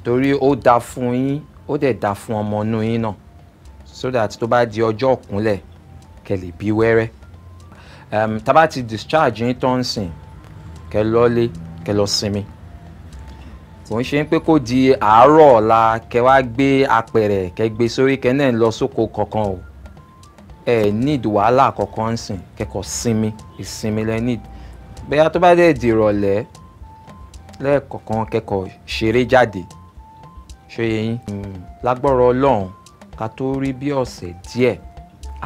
torí ó dáa fún yín ó dẹ̀ dáa fún ọmọ inú yín náà so that tó bá di ọjọ́ òkúnlẹ̀ kẹ́ lè bí wẹ́rẹ́ um, ti discharge yín tó ń sìn kẹ́ lọ́lé kẹ́ lọ sinmi kò ń ṣe pé kó di àárọ̀ ọ̀la kẹ́ wá gbé apẹ̀rẹ̀ kẹ́ gbé sórí kẹ́ náà lọ sóko kankan o ẹ need wàhálà kankan ń sìn kẹ́kọ̀ọ́ sinmi ìsinmi lẹ need bóyá tó bá dẹ̀ di ìrọ̀lẹ́ lẹ́ẹ̀kọ̀kan kẹ́kọ̀ọ́ ṣeré jáde ṣe yẹn hmm, lágbọ́rọ̀ ọlọ́run ká tó rí bí ọ̀sẹ̀ díẹ̀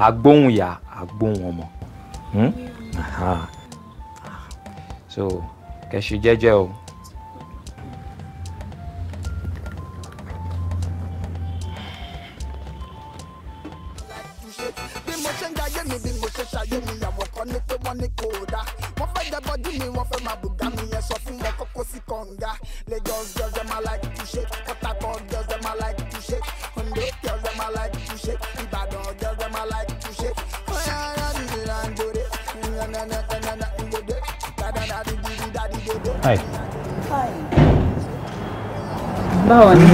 agbóhùn ìyá agbóhùn ọmọ hmm? so kẹ̀sì jẹ́jẹ́ o. báwo ni.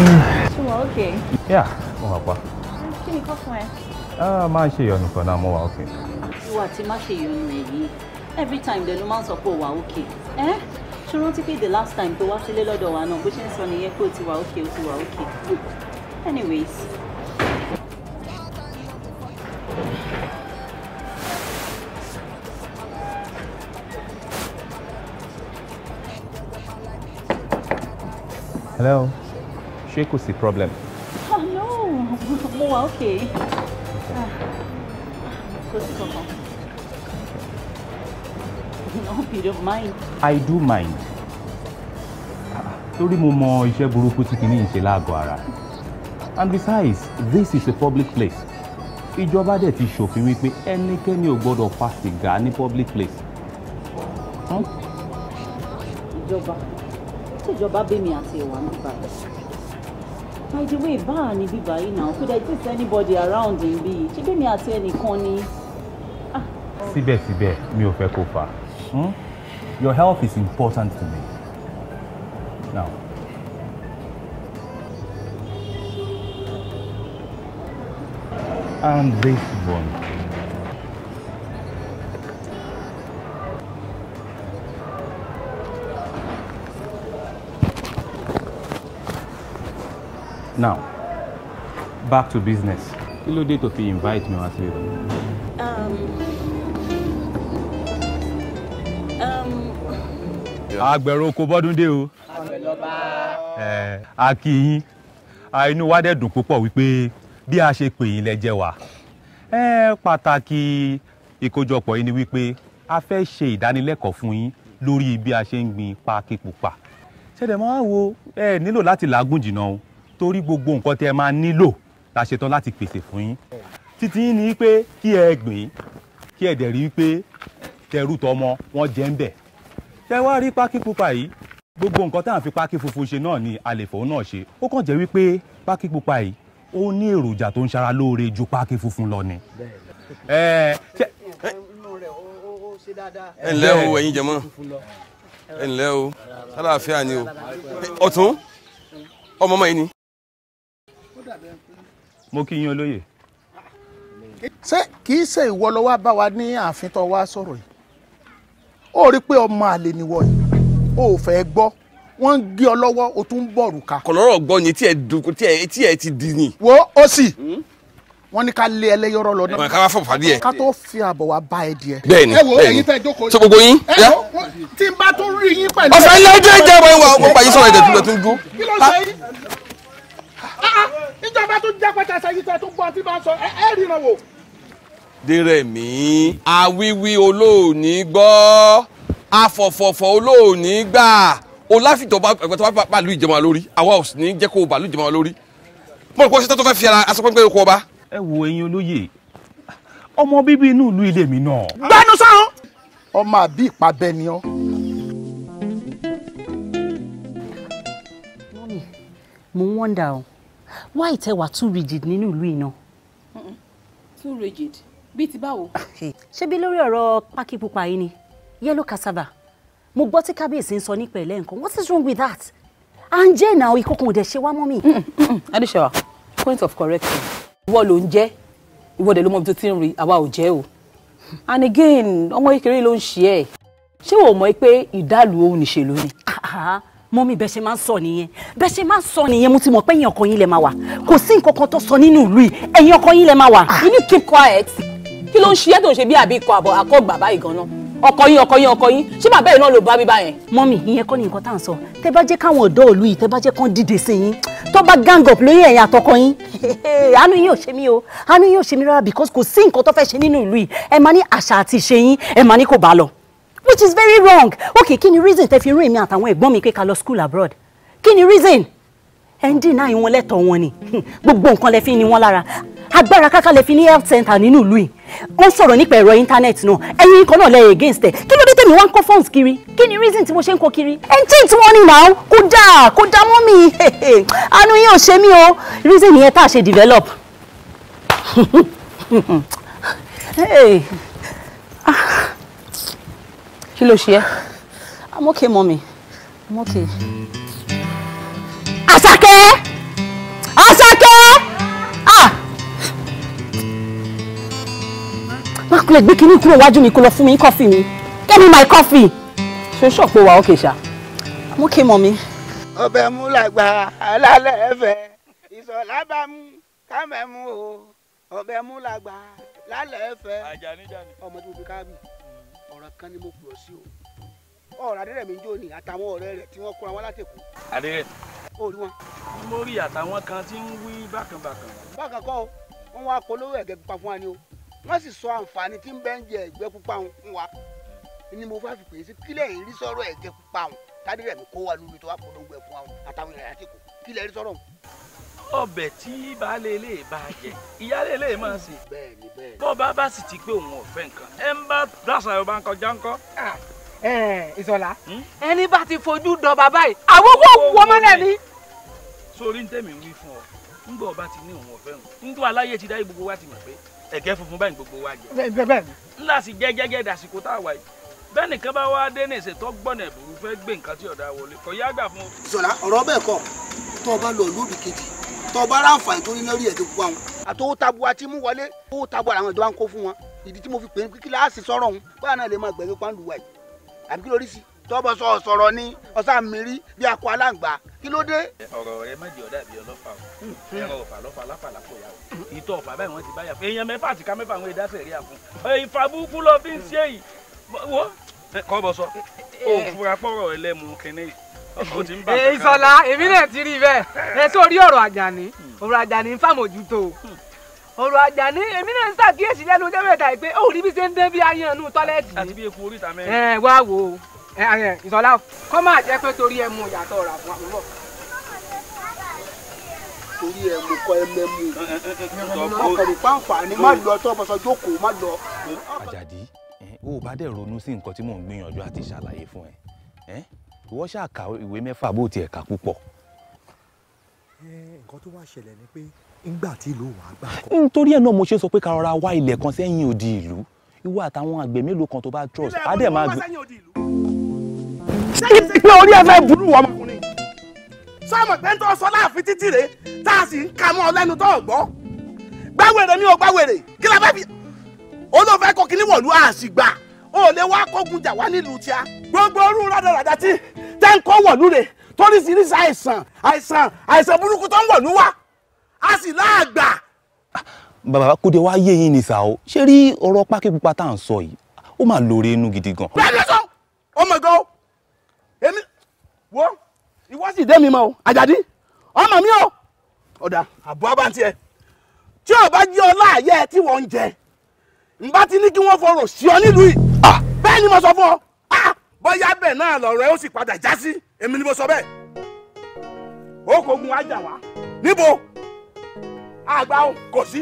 ṣé wà ókè. yà mo wà pa. kí ni kọ́ fún ẹ. máa ṣe ìyọnu kan náà mo wà ókè. ìwà tí má ṣe ìyọnu ẹ every time dẹ̀ ló máa ń sọ pé ó wà ókè. ṣé rántí pé the last time tó wá sílé lọ́dọ̀ wa náà bó ṣe ń sọ nìyẹn pé ó ti wà ókè ó ti wà ókè. anyways. Hello ṣé kò sí problem. Ah, no mo wà ok ah, kò sí kankan I you don't mind. I do mind ah, torí mo mọ iṣẹ́ burúkú tí kìíní ṣe láàgọ́ ara and besides this is a public place ìjọba dẹ̀ ti ṣòfin wípé ẹnikẹ́ni ò gbọ́dọ̀ fa sìgá ní public place. ìjọba tíjọba bẹ́mi àti ìwà ń bàbá by the way báà ni bíbá yìí náà could exist anybody around in bí ṣé bí mi àti ẹnìkan ni. Ah. síbẹ̀síbẹ̀ mi ò fẹ́ kó fà hmm? your health is important to me now. and this one. now back to business kí ló dé tó fi invite mi wá sí ibẹ̀. Um, um, agbẹ̀rù oko bọ́dúndé o a kí yín inú wa dẹ̀ dùn púpọ̀ wípé bí a ṣe pè yín lẹ jẹ́ wá pàtàkì ìkójọpọ̀ yìí ni wípé a fẹ́ ṣe ìdánilẹ́kọ̀ọ́ fún yín lórí bí a ṣe ń gbin pákí pupa ṣẹ̀dẹ̀ máa wo ẹ nílò láti làágùn jìnnà o torí gbogbo nǹkan tí ẹ máa nílò la ṣetán láti pèsè fún yín títí yín ni pé kí ẹ gbìn kí ẹ dẹ̀ rí pé tẹrú tọmọ wọn jẹ ń bẹ̀ tẹ wá rí pákí pupa yìí gbogbo nǹkan tá à ń fi pákí funfun ṣe náà ni àlèfọ́ náà ṣe ó kàn jẹ́ wípé pákí pupa yìí ó ní èròjà tó ń ṣara lóore ju pákí funfun lọ ni. ẹ ǹlẹ́ o ẹ̀yin jẹ̀mọ́ ẹ ǹlẹ́ o sálàáfíà ni o ọ̀tún ọmọ ọmọ yìí ni mo kí yín olóyè. ṣé kì í ṣe ìwọ ló wá bá wa ní ààfin tó wá sọ̀rọ̀ yìí ó rí i pé ọmọ àlè ni wọ̀nyí ó fẹ́ gbọ́ wọ́n ń gé ọ lọ́wọ́ o tún ń bọ̀rù ká. kọ̀lọ́rọ̀ gbọ́ ni tí ẹ tí ẹ ti dì ní. wo o sì wọ́n ní ká lé ẹlẹ́yọ̀rọ̀ lọ náà. ká wá fọ̀ fàdí ẹ. ká tó fi àbọ̀ wá bá ẹ díẹ̀. bẹ́ẹ̀ni bẹ́ẹ̀ni ẹ so gbogbo yín. ẹ wo tí n bá tó rí yín pẹ̀lú. ọ̀sán ilé ẹjọ́ ìjẹ́ wọn wà ó gbà sọ̀rọ̀ ẹ̀jẹ̀ tó dún. kí ló ṣe yín. Ah, ah, ah. ìjọba tún jẹ́ pẹ́tà sẹ́yìn tẹ́ tún gbọ́n tí bá ń sọ ẹ ríran wò. dèrèmí awíwí olóòní gbọ́ afọ̀fọ̀fọ̀ olóòní gbà oláfìtọ́ bá bàálù ìjẹun lórí àwa ò sì ní jẹ́ kó bàálù ìjẹun lórí mo rò pé ṣètò tó fẹ́ fi ara asọ́pẹ́pẹ́ oko ọba. ẹ wo ẹ̀yin olóye ọmọ bíbí inú ìlú ilé mi náà. gbẹnu sọrun. ọmọ àbí ìpàbẹ ni ọ. mọ́mì mo ń wọ́ndà o why tẹ wà too rigid nínú ìlú yìí too rigid bíi ti báwo. ṣebí lórí ọ̀rọ̀ pákí pupa yìí ni yellow cassava mo gbọ́ tí kábíyèsí ń sọ nípa ẹ̀ lẹ́ǹkan what is wrong with that? à ń jẹ́ ìnáwó ìkókun òde ṣe wá mọ́ mi. adéṣèwà point of correction ìwọ ló ń jẹ́ ìwọ dẹ̀ ló mọ ibi tó ti ń rí àwa ò jẹ́ o and again ọmọ kékeré ló ń ṣe ẹ̀ ṣé wò mọ̀ pé ìdálù òun nìṣèlú ni mọ́mí bẹ́ẹ̀ ṣe máa ń sọ nìyẹn bẹ́ẹ̀ ṣe máa ń sọ nìyẹn mo ti mọ̀ pé ẹ̀yin ọkọ yín lẹ máa wà kò sí nǹkan kan tó sọ nínú ìlú yìí ẹ̀yin ọkọ yín lẹ máa wà. you need keep quiet kí ló ń ṣe é tó ń ṣe bí àbí ikọ̀ àbọ̀ àkọ́ bàbá ìgànnà ọkọ yín ọkọ yín ọkọ yín ṣé bàbá yìí náà ló bá mi báyẹn. mọ́mí ìyẹn kọ́ ni nǹkan tá à ń sọ tẹ́ bá jẹ́ káwọn ọ̀dọ́ òlu yìí tẹ́ bá jẹ́ kán dìde sí yín tó bá gang up lórí ẹ̀yìn àtọkọ yín àánú yín ò ṣe mí o àánú yín ò ṣe mí rárá because kò sí nǹkan tó fẹ́ ṣe nínú ìlú yìí ẹ máa ní àṣà àti ìṣe yín ẹ máa ní kò bá lọ which is very wrong okay kini reason tẹ fi rún èmi àtàwọn ẹ̀gbọ́n mi pé ká lọ school abroad Kini reason ẹ̀ na dènà ìwọ̀n lẹ́tọ̀ọ́ wọn ni gbogbo nǹkan lẹ fi ní wọn lára agbára káká lẹ fi ní health center nínú ìlú yìí ó ń sọ̀rọ̀ nípa internet náà ẹ̀yin kan náà lẹ́yìn against ẹ̀ kí ló dé tèmi wá phones kiri Kini reason tí mo ṣe ń kọ́ kiri engine tí wọ́n ní náà kò dáa kò dáa mọ́ mi àánú yín ò ṣe mí o reason yẹn tá a develop. hey. ah kí ló ṣe ẹ́ I'm okay mommy I'm okay. Àṣàkẹ́ Àṣàkẹ́ ah má kulẹ̀ gbé kínní kúrò wájú mi kó lọ fún mi kọ́fì mi get me my coffee ṣe ṣọ́ọ̀pù wa okay ṣá I'm okay mommy. ọbẹ̀ mú làgbà alálẹ̀ ẹ̀fẹ̀ ìsọ̀lá bá mú kámẹ́mú o ọbẹ̀ mú làgbà lálẹ́ ẹ̀fẹ̀ ọmọdé òbí kábí nìkan ni mo pè ọ́ sí o ọ̀rọ̀ adẹ́rẹ̀mí ń jó ni àtàwọn ọ̀rẹ́ rẹ̀ tí wọ́n kóra wọn látẹ̀kù. adẹ́rẹ̀. ó rí wọn. mo rí àtàwọn kan tí ń wí bákanbàkan. bákan kọ́ wọn wá polówó ẹ̀gẹ́ pupa fún wa ni o wọ́n sì sọ àǹfààní tí ń bẹ́ ń jẹ ẹ̀gbẹ́ pupa wọn fún wa ni mo fà fi pè é sí kílẹ̀ yìí rí sọ̀rọ̀ ẹ̀gẹ́ pupa wọn tádìrẹ̀mí kó wa lórí tó wá polówó ẹ̀ fún wa àtàwọn ìrìn àtìkù kílẹ̀ rí wọn ọbẹ̀ tí baálé ilé bá jẹ ìyáálé ilé máa sè bọ́ọ̀bá bá sì ti pé òun ò fẹ́ nǹkan ẹ ń bá dáṣà yorùbá ń kọjá ńkọ́. ìsọ̀lá hmm? ẹni bá ti fojú dọ bàbá yìí àwọn owó wọ mọ́lẹ̀ ni. sórí ntẹ́mi wí fún ọ ńgbọ́ ọba ti ní òun ọ̀fẹ́ òun ńgbọ́ aláyé ti dáyé gbogbo wa ti mọ̀ pé ẹ̀gẹ́ funfun báyìí gbogbo wa jẹ. ńlá sì jẹ́ gẹ́gẹ́ dàsìkò tá a wà yìí bẹ́ẹ̀ nìkan bá wá dé ní ìṣètò gbọ́nà ìbùrú fẹ́ gbé nǹkan tí ọ̀dà wọlé kò yá gbà fún. ìsọ̀lá ọ̀rọ̀ bẹ́ẹ̀ kọ́ tó o bá lọ lóbi kejì tọ́ bá ráǹfààní tó ní lórí ẹ̀ tó kú àwọn. àtọwọ́ tabua ti mú wọlé owó tabua làwọn ìjọba ń kó fún wọn ìdí tí mo fi pè é kí láàsì sọ̀rọ̀ òun báyà náà lè máa gbẹ̀gbẹ̀ pàǹdù wáyé àbí kí lórí sí tọ́bọ̀ sọ sọ̀rọ̀ ni ọ̀sán mìírí bí akọ aláǹgbá kí ló dé. ọ̀rọ̀ rẹ mẹ́jọ dàbí ọlọ́fà o ẹ̀rọ ọ̀fà lọ́fà láfàlàfò yà o ìtọ̀ ọ̀fà báyìí wọ́n ti báyà fún èèyàn mẹ́fà àti ká mẹ́fà àwọn ẹ̀dá sẹ̀rí àfún ìfà burúkú lọ fi ń ṣe yìí wọ́n kọ́ bọ̀ sọ òun fura pọ̀rọ̀ ẹlẹ́mu kẹ́nẹ́yìí ìsọlá èmi náà ti rí bẹ́ẹ̀ ẹ sórí ọ̀rọ̀ àjàní ọ̀rọ̀ àjàní ń fàmójútó ọ̀rọ̀ àjàní èmi náà ń ṣàkíyèsí lẹ́nu ọjọ́ mẹ́ta pé ó rí bí ṣe ń dé bí ayé ẹnu tọ́lẹ́ẹ̀tì àti bí eku oríta mẹ́rin. ẹ wá wo ìsọlá kọ́ máa jẹ́ pé torí ẹ mú ìyàtọ̀ ọ̀rọ̀ àbúrò àbúrò torí ẹ mo kọ ẹmẹmu ọkọrin pàǹfààní má lọ tó ọmọ sọ jókòó má lọ. Àjàdí o ò bá dẹ̀ ronú sí nǹkan tí mò ń gbìyànjú àti ṣàlàyé fún ẹ ìwọ ṣáà ka ìwé mẹ́fà bó tiẹ̀ kà púpọ̀. nǹkan tó wá ṣẹlẹ̀ ni pé ńgbà tí ìlú wàá gbà kọ́. nítorí ẹ̀ náà mo ṣe sọ pé ká rọra wá ilẹ̀ kan sẹ́yìn odi ìlú ìwọ àtàwọn àgbẹ̀ mélòó kan tó bá trust á dẹ̀ máa gbé. sẹ́yìn pípẹ́ orí ẹ̀ fẹ́ burú wọ́n ọmọkùnrin sọ́ọ̀mù pé ń tọ́ sọ láàfin títì rèé tá a sì ń ka mọ́ ọ lẹ́nu tó ọ̀gbọ́n gbáwèrè mi ò gbáwèrè kí la bá fi olóòfẹ́ kọ́ wọ̀lú àṣìgbà o lè wá kógun jà wá nílùú tíá gbogbo orú rádaràdà tí tẹ́ńkọ́ wọ̀lú rẹ̀ toríṣiríṣi àìsàn àìsàn àìsàn burúkú tó ń wọ̀lú wa a sì láàgbà. bàbá kúndé wá yé yín ni sà o ṣé rí ọ̀rọ̀ pákípupa tá à ń sọ yìí ó máa lóore inú gidi gan. bẹ́ẹ̀ ló sọ ọmọ oh ìgò èmi wo ìwọ sì dé mi mọ o àjàdí ọmọ mi o ọ̀dà àbọ̀ abáǹtí ẹ tí ò bá jẹ́ ọ láàyè tí wọ́n ń jẹ ǹbá ti ní kí wọ́n fọ̀rọ̀ sí ọ nílùú yìí bẹ́ẹ̀ ni mo sọ fún ọ. Ah! bóyá bẹ́ẹ̀ náà lọ̀rọ̀ ẹ ó sì padà já sí èmi ni mo sọ bẹ́ẹ̀. ó kò gun ajá wa níbo àgbà kò sí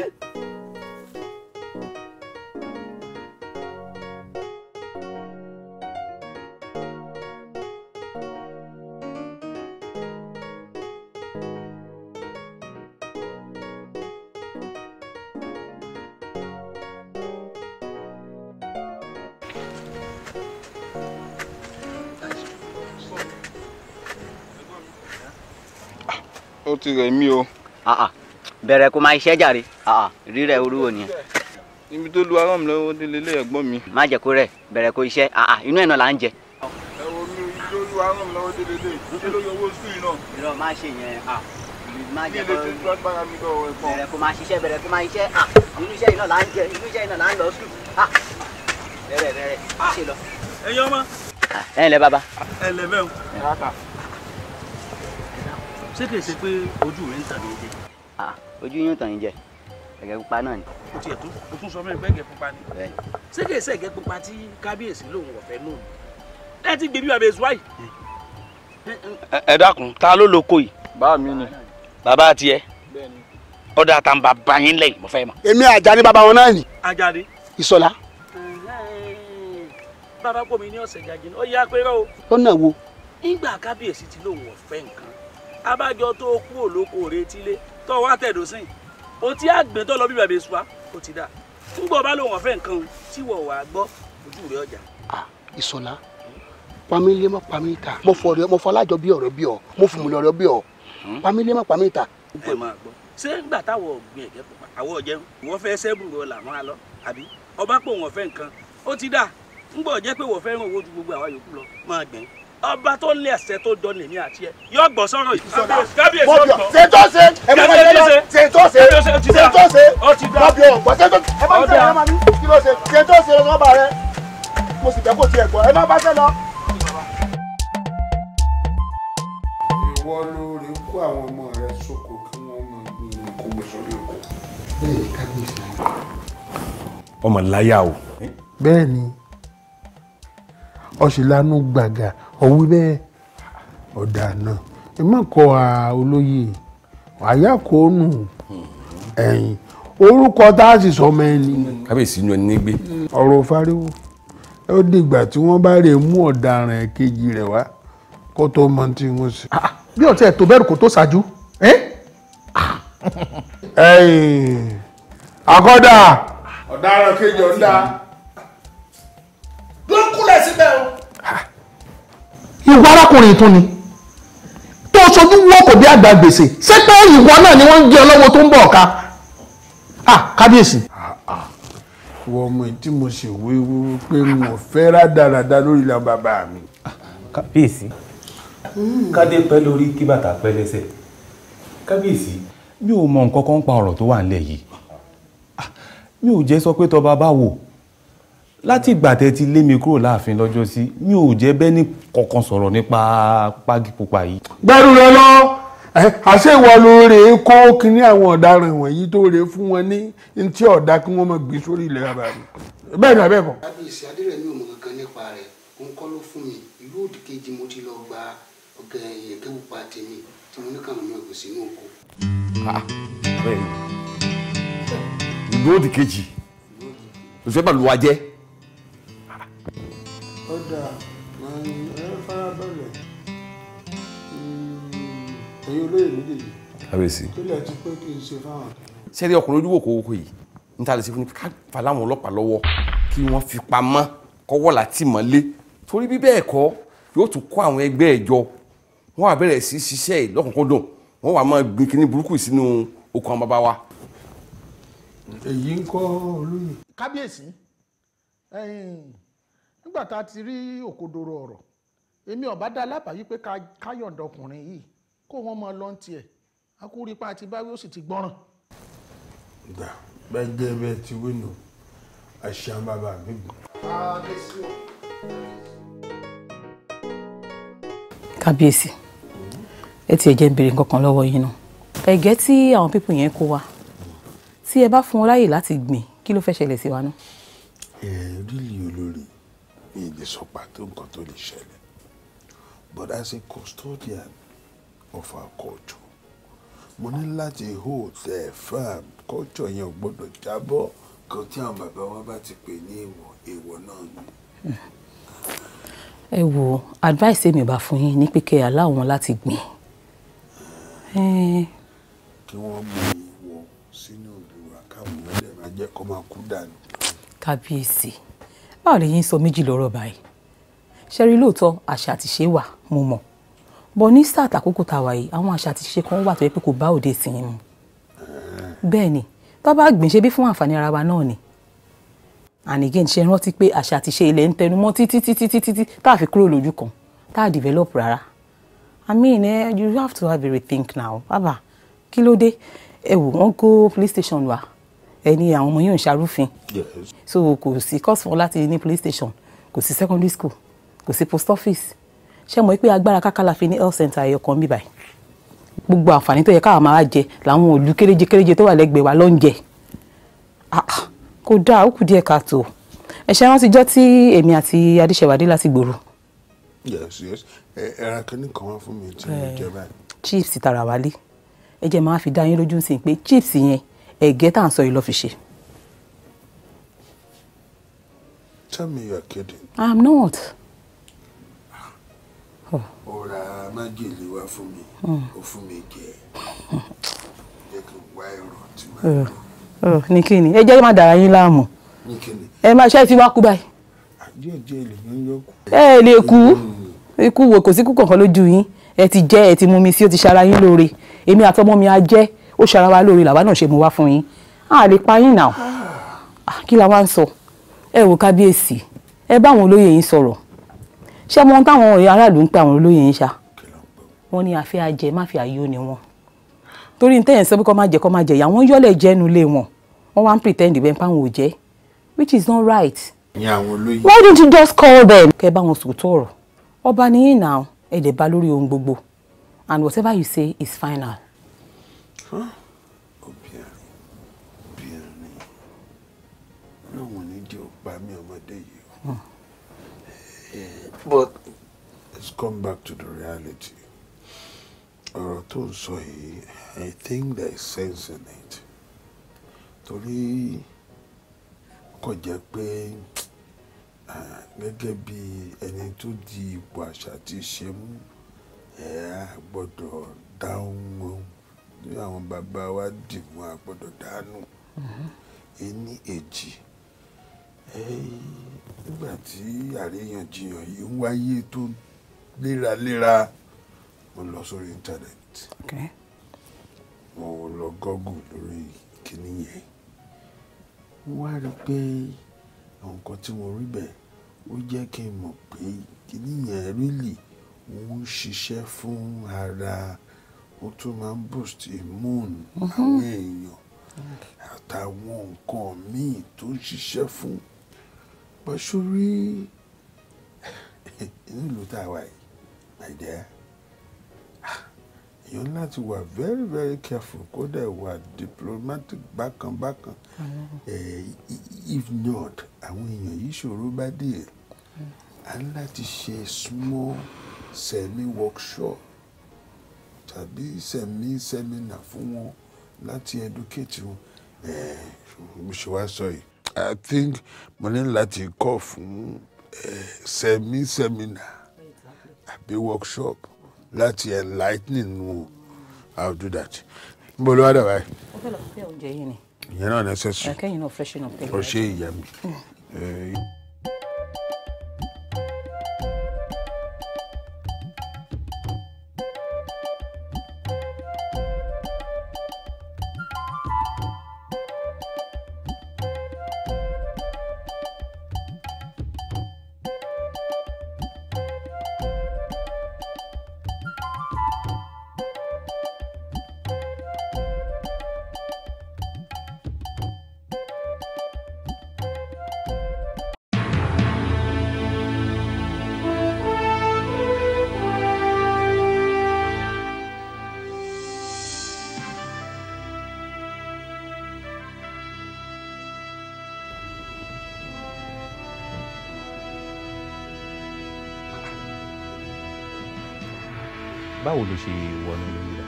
ti rẹ̀ mí o. Ah, ah. bẹ̀rẹ̀ kó máa iṣẹ́ jàre ah, rírẹ̀ orúwo nìyẹn. ibi tó lu ará mi lọ́wọ́ délé lé ẹ̀gbọ́n mi. má jẹ́ kó rẹ̀ bẹ̀rẹ̀ kó iṣẹ́ inú ẹ̀ náà là ń jẹ. ẹ mi ibi tó lu ará mi lọ́wọ́ délé lé ṣé ló yọ owó sùn ìrọ̀ má ṣe yẹn má jẹ́ kó bẹ̀rẹ̀ kó máa ṣiṣẹ́ bẹ̀rẹ̀ kó máa iṣẹ́ inú iṣẹ́ yìí là ń jẹ inú iṣẹ́ yìí là ń lọ sùn bẹ̀rẹ̀ bẹ̀rẹ̀ ṣe lọ. ẹ̀yin ọmọ. ẹ ǹlẹ́ bàbá. ẹ ǹlẹ́ bẹ́ẹ̀ o ṣé kìí ṣe pé ojú rẹ ń tàn mí jẹ. ojú yín tàn yín jẹ ẹ̀gẹ́ pupa náà ni. o tiẹ̀ tún o tún sọ fún mi pé ẹ̀gẹ́ pupa ni. ṣé kìí ṣe ẹ̀gẹ́ pupa tí kábíyèsí lòun ọ̀fẹ́ nù. ẹ ti gbèbí wàá bẹ zuwa yìí. ẹ dákun ta ló lóko yìí. bá mi ni. bàbá tiẹ̀ ọ̀dà àtàǹbà bàyín lẹ́yìn mo fẹ́ mọ̀. èmi àjàní bàbá wọn náà ni. àjàní. ìsọlá. bàbá kò mí ní ọ̀sẹ̀ jàjìn ó yá pé rọ́ o. ó nà wo. nígbà kábíyèsí ti lóun ọ̀fẹ́ nǹkan abájọ tó kú òlóko retílé tó wá tẹ̀dó sìn o ti àgbẹ̀ tó lọ bí bàbá èso wa o ti dà túbọ̀ bá lòun ọ̀fẹ́ nǹkan tí wọ́n wàá gbọ́ ojú rẹ̀ ọjà. ìsọlá pamílé má mo fọ mo fọ alájọ bí ọ̀rẹ́ bí ọ mo fún mi lọrẹ bí ọ pamílé má pamí ta. ẹ máa gbọ́ ṣé ńgbà táwọn ọ̀gbìn ẹ̀gẹ́ pupa àwọn ọ̀jẹun wọ́n fẹ́ sẹ́bùrù ọ̀là máa lọ àbí ọba pò wọ́n fẹ́ nǹkan ó ti dà ńgbà ọ̀jẹ́ pé wọ́n fẹ́ràn owó ju gbogbo àwa yòókù lọ máa gbẹ̀ẹ́ ọba tó ní ẹsẹ̀ tó dán lèmi àti ẹ yọ gbọ́ sọ̀rọ̀ yìí. kábíyèsí ọgbọ ṣe tó ṣe ẹ bá wọlé lọ ṣe tó ṣe ṣe tó ṣe kábíyèsí ọgbọ ṣe tó ẹ bá wọlé lọ kí ló ṣe ṣe tó ṣe lọ́ba rẹ mo sì fẹ́ kó tiẹ̀ gbọ́ ẹ má bá ṣe lọ. ìwọ lórí kó àwọn ọmọ rẹ sóko kí wọn máa gbin ìkó gbèsòrí oko. bẹ́ẹ̀ kábíyèsí. ọmọ láyà o. bẹ́ẹ̀ ni ọ̀sìn lanú gbàgà ọ̀wí bẹ́ẹ̀ ọ̀dà náà ẹ má kọ olóyè àyà kò nù ẹ̀yìn orúkọ tá a sì sọmọ ẹni. kábíyèsí ni ẹni gbé. ọ̀rọ̀ fariwo ó dìgbà tí wọ́n bá rè mú ọ̀daràn kejì rẹ̀ wá kó tó mọ tí wọ́n sì. Ah, ah. bí ọ̀tí ẹ̀ tó bẹ̀rù kó tó ṣáájú. Ah. àkọ́dà. ọ̀daràn kejì ọ̀dà. ló ń kúlẹ̀ síbẹ̀ o ìwọ arákùnrin tún ni tó sojú wọ́ kò bí àgbà gbèsè ṣé pé ìwọ náà ni wọ́n ń jẹ́ ọlọ́wọ́ tó ń bọ̀ ọ̀ka ah kábíyèsí. wọ́n ọmọ tí mo sì wí pé mo fẹ́ rádaràda lórí ilà bàbá mi. kábíyèsí kádé pẹ́ lórí kí bàtà pẹ́ lẹ́sẹ̀ kábíyèsí. mi ò mọ nǹkan kan pa ọ̀rọ̀ tó wà nílẹ̀ yìí mi ò jẹ́ sọ pé tọba bá wò láti ìgbà tẹ́ ti lé mi kúrò láàfin lọ́jọ́ sí mi ò jẹ́ bẹ́ni kankan sọ̀rọ̀ nípa pági pupa yìí. gbẹ́rù rẹ lọ àṣẹ ìwọ ló rè é kó kínní àwọn ọ̀daràn wọ̀nyí tó rè é fún wọn ní ntí ọ̀dà kí wọ́n máa gbé sórí ilẹ̀ bàbá mi bẹ́ẹ̀ ni abẹ́kọ̀. kábíyèsí adérẹ̀ mi ò mọ̀ kankan nípa rẹ̀ òun kọ́ ló fún mi ìlú òdì kejì mo ti lọ gba ọ̀gá ẹ̀kẹ́ pupa tèmi tí mo ní kàwọn mi ò sínú oko. ìlú òdì kejì òṣèlú bàlùwà jẹ́ ó dáa ẹ farabalẹ̀ hmm, ẹ̀yin olóyè méjèèjì kábíyèsí kílẹ̀ ti pé kí n ṣe fáwọn. sẹ́rí ọkùnrin ojú wòkó wòkó yìí n ta lè ṣe fún mi ká fà láwọn ọlọ́pàá lọ́wọ́ kí wọ́n fi pamọ́ kọ́wọ́ láti mọ́lé torí bí bẹ́ẹ̀ kọ́ yóò tún kó àwọn ẹgbẹ́ ẹ̀ jọ wọ́n wá bẹ̀rẹ̀ sí ṣiṣẹ́ yìí lọ́kùnkúndùn wọ́n wá máa gbin kínní burúkú sínú okùn àwọn bàbá wa. èyí ń kọ́ olóyè. kábíyèsí nígbà tá a ti rí òkodoro ọ̀rọ̀ èmi ọ̀bá dá lábàá yí pé ká yọ̀ǹda ọkùnrin yìí kó wọn mọ lọ́n tiẹ̀ a kú rí pa àti báwí ó sì ti gbọ́ràn. dà bẹ́ẹ̀ jẹ́ ti wínú àṣà mi. kábíyèsí ẹ tiẹ̀ jẹ́ ń béèrè lọ́wọ́ yín náà ẹ̀gẹ́ tí àwọn pípọ̀ yẹn kó wa tí ẹ bá fún wọn láyè láti gbìn kí ló fẹ́ ṣẹlẹ̀ sí wa náà. ẹ rí lè olórí èdè sọ pàtó nǹkan tó lè ṣẹlẹ̀ but as a custodian of our culture mo ní láti hold their firm culture yẹn ò gbọ́dọ̀ jábọ́ kan tí àwọn bàbá wa bá ti pè ní èèwọ̀ èèwọ̀ náà ni. ẹ wo advice èmi bá fún yín ní pé kẹ́ láti gbìn. kí wọ́n mú ìwọ sínú ìlú wa káwọn ọmọdé kó máa kú dànù. kábíyèsí. Si a lè yín sọ méjì lọ́rọ̀ báyìí ṣẹ́rí lóòótọ́ àṣà àti ṣe wà mo mọ̀ bọ̀ ní sáà tàkókò tá a wà yìí àwọn àṣà àti ṣe kan wà tó yẹ pé kò bá òde sí i mu bẹ́ẹ̀ ni tá a bá gbìn ṣe bí fún àǹfààní ara wa náà ni and again ṣe rántí pé àṣà àti ṣe ilẹ̀ ń tẹnu mọ́ títí títí títí tá a fi kúrò lójú kan tá a develop rárá I mean eh, you have to have a rethink now bàbá kí ló dé ẹ wò wọ́n go police station wa ẹni àwọn ọmọ yóò ń ṣarúfin so kò sí course fún láti ní police station kò sí secondary school kò sí post office ṣé mọ̀ pé agbára kákàlà fi ní health center ẹ̀yọ̀kan bíbáyìí gbogbo àǹfààní tó yẹ káwa máa jẹ làwọn òlu kéréje kéréje tó wà lẹ́gbẹ̀ẹ́ wa ló ń jẹ ah, kò dáa ó kù díẹ̀ káàtó ẹ̀ṣẹ̀ wọn ti jọ́ tí èmi àti adéṣèwádé láti gbòòrò. yes yes ẹran kìíní kan wá fún mi tí mo eh, jẹ báyìí. chips tarawale ẹ jẹ́ máa fi dá yín lójú sí i pé chips yẹn ẹ̀gẹ́ tá à ń sọ yìí ló fi ṣe. tell me you are kidding. i'm not. ọ̀rá ah. májèlé wá fún mi hmm. ó fún mi jẹ hmm. jẹ́ kí n wá ẹ̀rọ tí màá hmm. lò. ní kí ni ẹ jẹ́ má dàra yín láàmú ẹ máa ṣe é fi wá kú báyìí. ẹ lè kú ikú wo kò sí kú kankan lójú yín ẹ ti jẹ ẹ ti mú mi sí ó ti ṣara yín lóore èmi àtọmọ mi á jẹ ó ṣara wa lóore làwa náà ṣe mú wá fún yín a lè pa yín náà ah, kí la wá ń sọ ẹ wò kábíyèsí ẹ bá àwọn olóyè yín sọ̀rọ̀ ṣé mo ń táwọn aráàlú ń pe àwọn olóyè yín ṣá wọ́n ní àfi àjẹ má àyò ni wọn torí ní tẹ̀yìn sọ́bí kọ́ má jẹ kọ́ má jẹ ìyá wọn yọ́lẹ̀ jẹ́nu lé wọn wọ́n wá ń pretend bẹ́ẹ̀ páwọn ò jẹ́ which is not right. ìyá àwọn olóyè. why don't you just call them. kẹ bá wọn sòótọ́ ọ̀rọ̀ ọba nìyí náà ẹ̀ dẹ̀ bá lórí ohun gbogbo and whatever you say is final. Huh? Obìnrin, obìnrin, lóun ní jẹ́ òpá mi ọmọdé yìí o. Hmm. Eh, but let's come back to the reality. Ọ̀rọ̀ tó ń sọ I think there is sense in it. Torí kò jẹ́ pé ah, gẹ́gẹ́ bí ẹni tó di ipò àṣà ti ṣe mú, ẹ̀ eh, á gbọ́dọ̀ dáhùn tí àwọn bàbá wa dì mú àgbọ̀dọ̀ dànù ẹni èjì nígbà tí àríyànjiyàn yìí ń wáyé tó léraléra mo lọ sórí íńtánẹ́ẹ̀tì mo lọ gọ́gùn lórí kíní yẹn mo wá rí i pé àwọn nǹkan tí mo rí bẹ́ẹ̀ ó jẹ́ kí n mọ̀ pé kíní yẹn rírì ń ṣiṣẹ́ fún ara. Really, ó tún máa ń boost immune mhm. àwọn èèyàn àtàwọn nǹkan míì tó ń ṣiṣẹ́ fún pẹ̀sórí nílùú tá a wà yìí àìjẹ́ èèyàn láti wà very very careful kódà wà diplomatic bákan bákan eh, if not àwọn èèyàn yìí ṣòro bá dé mm. a ní láti ṣe small semi workshop tàbí sẹ̀mí sẹ́mínà fún wọn láti educate wọn mo ṣe wá sọ yìí i think mo ní láti kọ́ fún sẹ̀mí sẹ́mínà àbí workshop láti enlightening wọn i will do that n bolo wa dàbà yìí. o fẹ́ lọ fẹ́ oúnjẹ yìí ni. ìyẹn náà necessary. akẹ́yìn náà fresh enough. ọ̀ṣẹ́ ìyá mi. Mm. olùṣe wọnú ilé yìí lọ.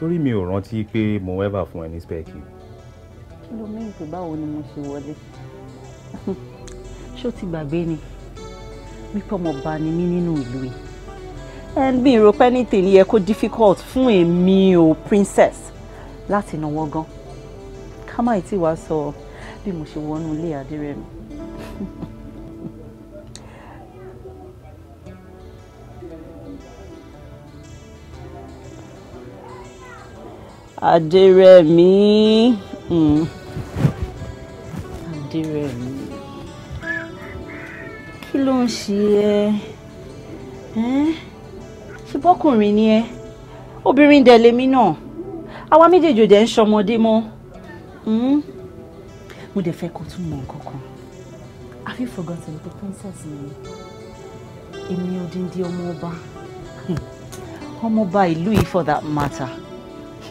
torí mi ò rántí pé mo wẹ́bà fún ẹ ní spẹ́ẹ̀kì. kí ló mẹ́rin pé báwo ni mo ṣe wọlé ṣó ti gbàgbé ni wípé ọmọọba ni mí nínú ìlú yìí and mi rò pé anything yẹ kó difficult fún èmi o princess láti náwó gan ká má ì tí wàá sọ bí mo ṣe wọnú ilé adé Adérẹ̀mí hmm. Adérẹ̀mí kí ló ń ṣe ẹ ṣe bọ́kùnrin ni ẹ obìnrin dẹ̀ lèmi náà àwa méjèèjì dẹ̀ ń ṣọmọdé mọ́ hmm. mo dẹ̀ fẹ́ kó tún mọ nǹkan have you forgotten the princess ni èmi odindi omoba? Omoba, ọmọ hmm. for that matter.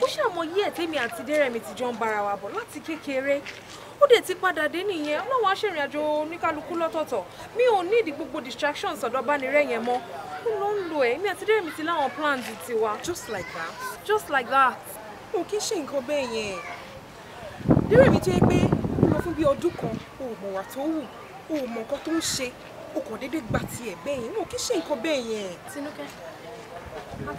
ó ṣàmọyé ẹ̀ tèmi àti dẹ́rẹ́mi ti jọ ń bára wa bọ̀ láti kékeré ó dẹ̀ ti padà dé nìyẹn ọlọ́wọ́ aṣèrìn àjò oníkálukú lọ́tọ̀ọ̀tọ̀ mi ò ní ìdí gbogbo distractions ọ̀dọ̀ bánirẹ́ yẹn mọ́ ó ló ń lo ẹ̀ èmi àti dẹ́rẹ́mi ti láwọn plans tiwa. just like that. just like that. o kì í ṣe nǹkan bẹ́ẹ̀ yẹn dẹ́rẹ́mi tó yẹ pé ó lọ fún bíi ọdún kan o ò mọ̀ wà tó wù o ò mọ̀ nǹkan tó ń ṣe o kò déédéé gba tiẹ̀ bẹ́ẹ̀ yẹn o kì í ṣe nǹkan bẹ́ẹ̀ yẹn. tinúkẹ́ mo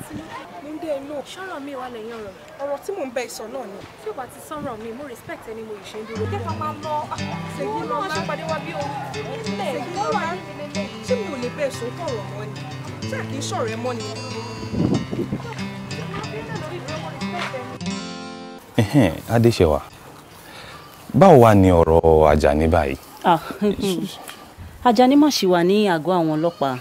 ń dé inú. sọ̀rọ̀ mi wà lẹ́yìn ọ̀rọ̀. ọ̀rọ̀ tí mò ń bẹ ìsọ̀ náà ni. tí o bá ti sọ̀rọ̀ mi mo respect ẹni mo ìṣe ń dúró. kí ẹ máa lọ ah, ṣègbè lọ máa ṣèpàdé wa bí o. ṣègbè lọ máa ṣé mi ò lè bẹ ìṣó tọ̀rọ̀ mọ́ ni ṣé àkì í sọ̀rọ̀ ẹ mọ́ ni. adéṣèwà báwo wá ni ọ̀rọ̀ Àjàní báyìí. Ah, Àjàní má ṣì wà ní àgọ́ àwọn ọlọ́pàá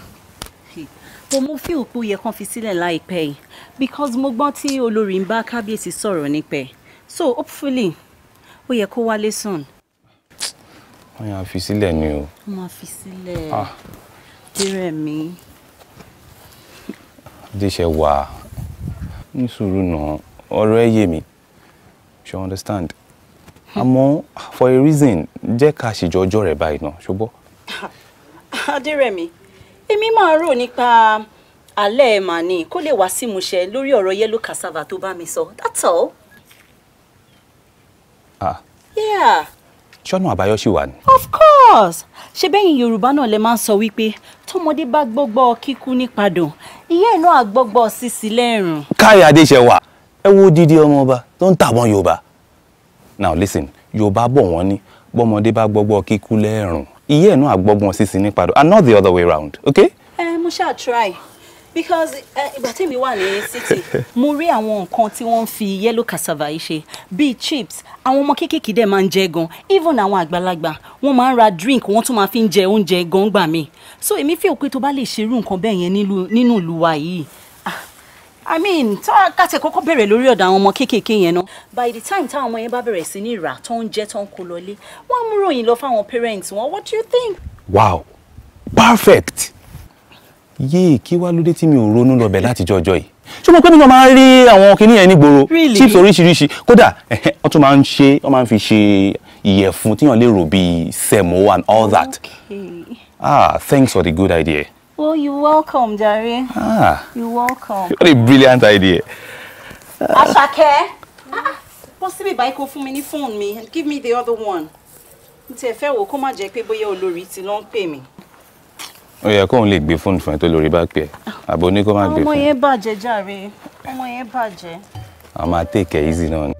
bó mo fi òpó yẹ kán fi sílẹ̀ láìpẹ́ yìí because mo gbọ́n tí olórí ń bá kábíyèsí sọ̀rọ̀ nípa so hopefully ó yẹ kó wálé soon. wọ́n yàn fi sílẹ̀ ni o. wọ́n máa fi sílẹ̀ ah. dérẹ̀ mi. adéṣe wà ní sùúrù náà ọ̀rọ̀ ẹ yé mi ṣe understand hmm. àmọ́ for a reason jẹ́ ká ṣèjọ́ ọjọ́ rẹ̀ báyìí náà ṣùgbọ́n. adérẹ̀mí èmi máa rò nípa alẹ́ ẹ̀ mà ní kó lè wá sí ìmúṣẹ lórí ọ̀rọ̀ yellow cassava tó bá mi sọ that's all. ah. yeah. ṣọ́nà àbáyọ ṣì wà ní. of course ṣe bẹ́yìn yorùbá náà lè máa ń sọ wípé tọmọdé bá gbọ́gbọ́ kíkú nípadàn ìyá ẹ̀ náà gbọ́gbọ́ sísí lẹ́rùn. káyọ̀ adéṣẹ́wà ẹ wo dídí ọmọ ọba tó ń tàbọn yorùbá now listen yorùbá bọ̀ wọ́n ní bọ́mọdé bá gbọ́gbọ́ kíkú lẹ́rùn iye ẹ̀ náà àgbọ́gbọ́n sísìn ní and not the other way round okay. ẹ mo ṣáà try because ìgbà tí mi wà ní city mo rí àwọn nǹkan tí wọ́n ń fi yellow cassava yìí ṣe bíi chips àwọn ọmọ kéékèèké dẹ̀ máa ń jẹ gan even àwọn àgbàlagbà wọ́n máa ń ra drink wọ́n tún máa fi ń jẹ oúnjẹ gan gbà mí so èmi fi pé tó bá lè ṣerú nǹkan bẹ́ẹ̀ yẹn nínú ìlú wa yìí i mean tá a kàtẹ kọ́kọ́ bẹ̀rẹ̀ lórí ọ̀dọ̀ àwọn ọmọ kéékèèké yẹn náà by the time táwọn ọmọ yẹn bá bẹ̀rẹ̀ sí ní ìrà tó ń jẹ tó ń kó lọlé wọn á mú ròyìn lọ fáwọn parents wọn what do you think. wow perfect yéè kí wàá lóde tí mi ò ronú lọbẹ láti jọjọ yìí ṣé mo pé mi náà máa ń rí àwọn kinní yẹn nígboro chips oríṣiríṣi kódà wọn tún máa ń ṣe wọn máa ń fi ṣe ìyẹ̀fun tíyàn lè rò bíi semo and all that okay. ah thanks for the good idea. Well, you're welcome, Jerry. Ah. You're welcome. What a brilliant idea. Uh, Àṣàkẹ́. Ah, what's the bike fún mi ní phone mi? Give me the other one. It's a fair wò kó má jẹ́ pé bóyá olórí long pay me. Oh, mí. come yẹ kó ń lè gbé phone fún ẹ tó lórí bá pè. Àbò ní kó má ah, gbé phone. Ọmọ yẹn bàjẹ́ jàre. Ọmọ yẹn bàjẹ́. take it easy náà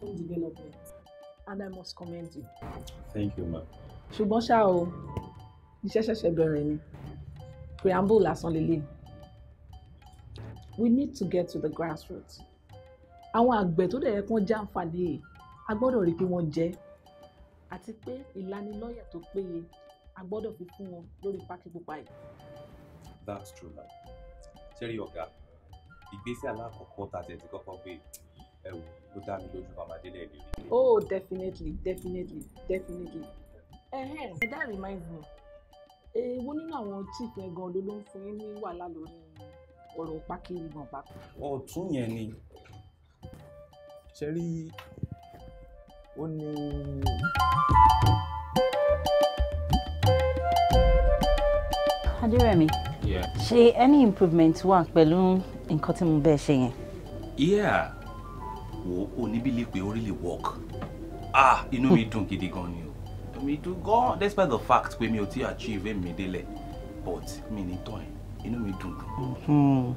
welcome development and I must commend you. Thank you ma. ṣùgbọ́n ṣá o iṣẹ́ ṣẹ̀ṣẹ̀ bẹ̀rẹ̀ ni preamble lásán lélẹ̀ we need to get to the grassroots àwọn àgbẹ̀ tó dẹ̀ yẹ kán jàǹfààní yìí a gbọ́dọ̀ rí i pé wọ́n jẹ́ àti pé ìlanilọ́yẹ̀ tó péye a gbọ́dọ̀ fi fún wọn lórí pákí pupa yìí. that's true ma ṣé rí ọ̀gá ìgbésẹ̀ alákọ̀ọ́kọ́ tá a ti ẹ̀ ti kọ́kọ́ gbé ẹ wò dá mi lójú bàbá délẹ̀ lè rí. oh definitely definitely definitely. ẹhẹn that reminds me èwo nínú àwọn chief yẹn gan ló ló ń fún yín ní wàhálà lórí ọ̀rọ̀ pákíyì gan papọ̀. ọ̀tún yẹn ni ṣe rí ó ní. adérẹ̀mí ṣe any improvement wà pẹ̀lú nǹkan tí mo bẹ́ẹ̀ ṣe yẹn. yeah wo oníbìlì pé ó really work ah inú mi dùn gidi gan ni o mi dùn gan despite the fact pé mi ò ti achieve èmi délẹ̀ but mi ní tán ẹ̀ inú mi dùn gan. Hmm.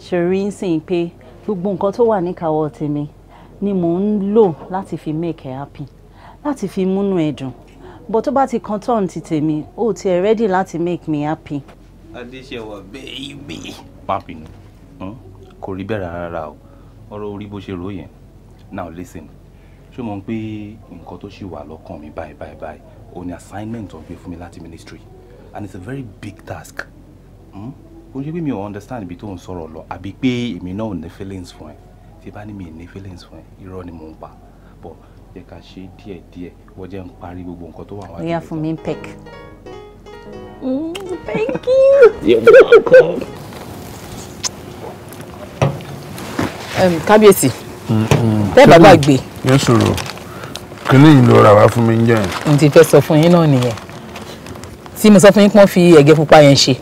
ṣòrí ń sìn pé gbogbo nǹkan tó wà níkàáwọ́ tèmi ni mò ń lò láti fi make ẹ happy láti fi múnú ẹ dùn but tó bá ti kan tán ti tèmi ó ti ẹ ready láti make me happy. adéṣèwà bẹ́ẹ̀ ibi. má bínú hmm? kò rí bẹ́ẹ̀ rárá o ọ̀rọ̀ orí bó ṣe rò yẹn now listen ṣé mo ń pé nǹkan tó ṣì wà lọ́kàn mi báyìí báyìí báyìí òun ni assignment tó ń gbé fún mi láti ministry and it's a very big task hmm? kò ṣe pé mi ò understand ibi tó ń sọ̀rọ̀ lọ àbí pé èmi náà ò ní feelings fún ẹ tí bá ní mi ò ní feelings fún ẹ irọ́ ni mò ń pa but jẹ́ ká ṣe díẹ̀ díẹ̀ wọ́n jẹ́ ń parí gbogbo nǹkan tó wà wá. ìyá fún mi ń pẹ́k. thank you. you're welcome. kábíyèsí tẹ́ bàbá gbé. yẹn sọ̀rọ̀ kínní yìí ló ra wá fún mi jẹ́. n ti fẹ́ sọ fún yín náà nìyẹn tí mo sọ fún yín kí wọ́n fi ẹ̀gẹ́ pupa yẹn ṣe.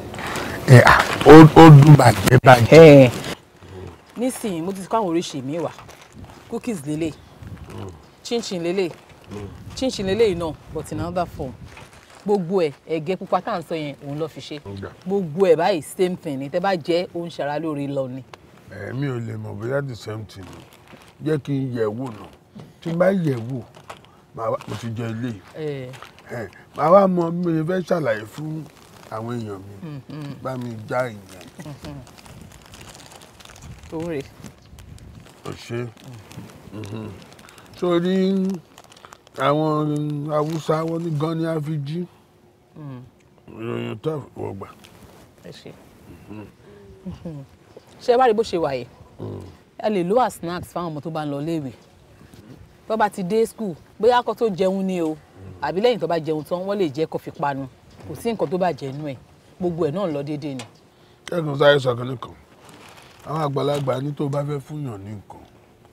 ẹ à ó dùn bàjẹ́ bàjẹ́. nísìnyí mo ti kó àwọn oríṣi mi wá cookies lélẹ̀ chinchin lélẹ̀ chinchin lélẹ̀ náà but in another form gbogbo ẹ ẹ̀gẹ́ pupa tá à ń sọ yẹn òun ló fi ṣe gbogbo ẹ báyìí same thing ni tẹ́ bá jẹ òun ṣara lóore lọ ni èmi ò lè mọ̀ bóyá the same thing ni jẹ́ kí n yẹ̀ wò nà tí n bá yẹ̀ wò mo ti jẹ ilé màá wá mọ mi ò fẹ́ ṣàlàyé fún àwọn èèyàn mi mm, mm. bá mi já ìyẹn. òwúrẹ̀. ò ṣe sórí àwọn haúsá wọn ní gan ni a fi jí mm. ìròyìn tó àfọwọ́gbà. ẹ ṣe ṣé wá rí bó ṣe wà yìí hmm. ẹ lè lo as snacks fáwọn ọmọ tó bá ń lọ léèwé tó bá ti dé school bóyá kó tó jẹun ni o àbí lẹ́yìn tó bá jẹun tán wọ́n lè jẹ́ kó fi panu kò sí nǹkan tó bá jẹ inú ẹ̀ gbogbo ẹ̀ náà lọ déédéé ni. kẹ́kùn sáré sọ kínní kan àwọn àgbàlagbà ní tó bá fẹ́ fúnyàn ní nǹkan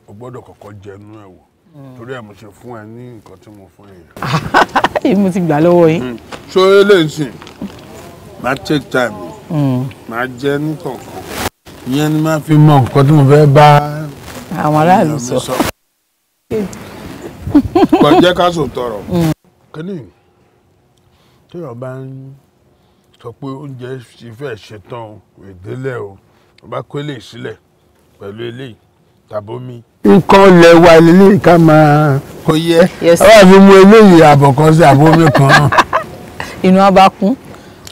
o gbọ́dọ̀ kọ́kọ́ jẹnu ẹ̀ wò hmm. torí ẹ̀ mo ṣe fún ẹ ní nǹkan tí mo fún yẹn. èyí mo ti gbà lọ́wọ́ yín. ṣó hmm. eléyìí sìn máa take time máa jẹ nítọ̀kan ìyẹn ni máa fi mọ nǹkan tí mo fẹ́ bá àwọn aráàlú sọ. kò jẹ́ ká sò tọrọ mm. kíní téèyàn bá ń sọ pé oúnjẹ ti fẹ́ ṣetán ìdílé o ọba kó eléyìí sílẹ̀ pẹ̀lú eléyìí tàbómi. nǹkan lẹ̀ wà lélẹ́yìí ká máa kó yẹ ọ wà mú eléyìí àbọ̀ àbómi kan. inú abá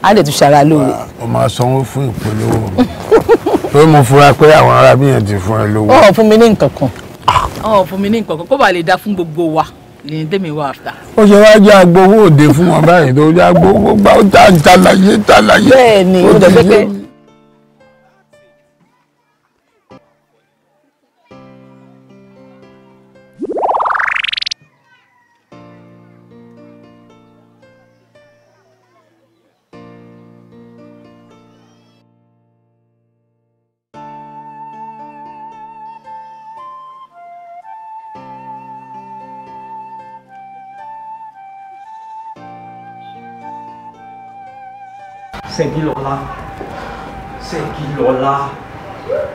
á lè tún ṣara lóore. o máa sanwó fún ìpolówó torí mo fura pé àwọn ará mi yẹn ti fún ẹ lówó. ọ̀ fún mi ní nǹkan kan. ọ̀ fún mi ní nǹkan kan kó bàa lè dá fún gbogbo wa ní tèmi wà áfta. ó ṣe wá jẹ́ agbowó òde fún wọn báyìí tó jẹ́ agbowó gbà ó tà ń talaye talaye. bẹ́ẹ̀ ni ó dẹ̀ pé Ṣẹ́gilọ́lá Ṣẹ́gilọ́lá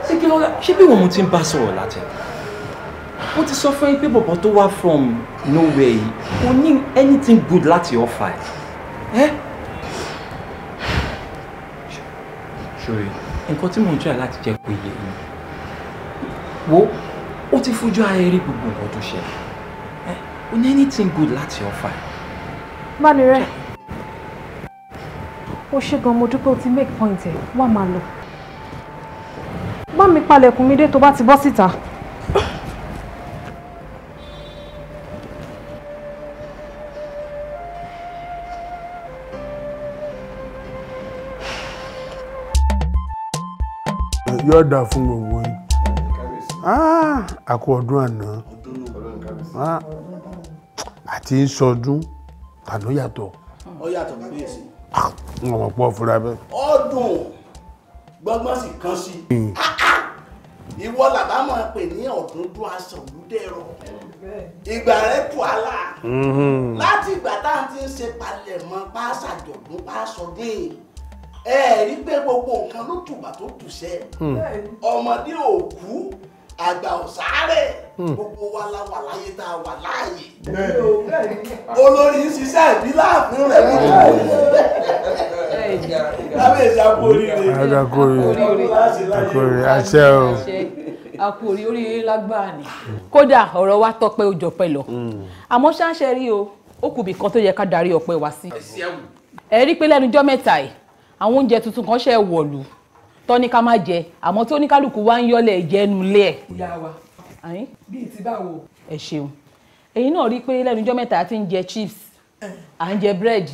Ṣẹ́gilọ́lá ṣé bí wọn mo ti ń bá sọ̀rọ̀ láti wọ́n ti sọ fún yín pé bọ̀bọ̀ tó wá from nowhere yìí kò anything good láti offer eh? ẹ́ ṣòro nǹkan tí mò ń jẹ́ check jẹ́ pé yé mi wo ó ti fojú ara rí gbogbo nǹkan tó ṣẹlẹ̀ ẹ́ kò ní anything good láti offer. bá ó ṣe gan mo dúpẹ́ o ti make point ẹ̀ wá máa lọ bá mi palẹ̀kùn mi dé tó bá ti bọ́ síta. yóò dà fún gbogbo yìí àkó ah, ọdún àná ah, àti ń sọdún tànú yàtọ̀. ó yàtọ̀ nígbèsè wọn mọ̀ pọ̀ fúra bẹ́ẹ̀. ọdún gbọ́ngbọ́n sì kan sí i hmm. ìwọ làbá máa pè ní ọ̀dúndún aṣọ òlúdẹ̀rọ ìgbà rẹ tù á là láti ìgbà tá à ń ti ṣe palẹ̀mọ́ pàṣàjọ̀dún pàṣọdún yìí ẹ rí pé gbogbo nǹkan ló tùbà tó tùṣẹ́ hmm. ọmọdé ò kú àgbà ọ̀sáré hmm. gbogbo wa la wà láyé tá a wà láàyè olórí ṣiṣẹ́ ìbílẹ̀ àfún rẹ̀ mú lábẹ́ ìṣàkó oríire àkó oríire àṣẹ o àkó oríire lágbára ni kódà ọ̀rọ̀ wa tọpẹ́ ó jọpẹ́ lọ hmm. àmọ́ ṣáṣẹ́ rí o ó kù bí kan tó yẹ ká darí ọpẹ́ wa sí ẹ rí i pé lẹ́nu jọ́ mẹ́ta yìí àwọn oúnjẹ tuntun kan ṣe wọ̀lú tọ́ni ká má jẹ àmọ́ tó oníkálukú wá ń yọlẹ̀ jẹ́nu lé ẹ̀. ìyá wa bíi ti báwo. ẹ ṣeun ẹ̀yin náà rí i pé lẹ́nu ọjọ́ mẹ́ta ti ń jẹ chips à ń jẹ búrẹ́dì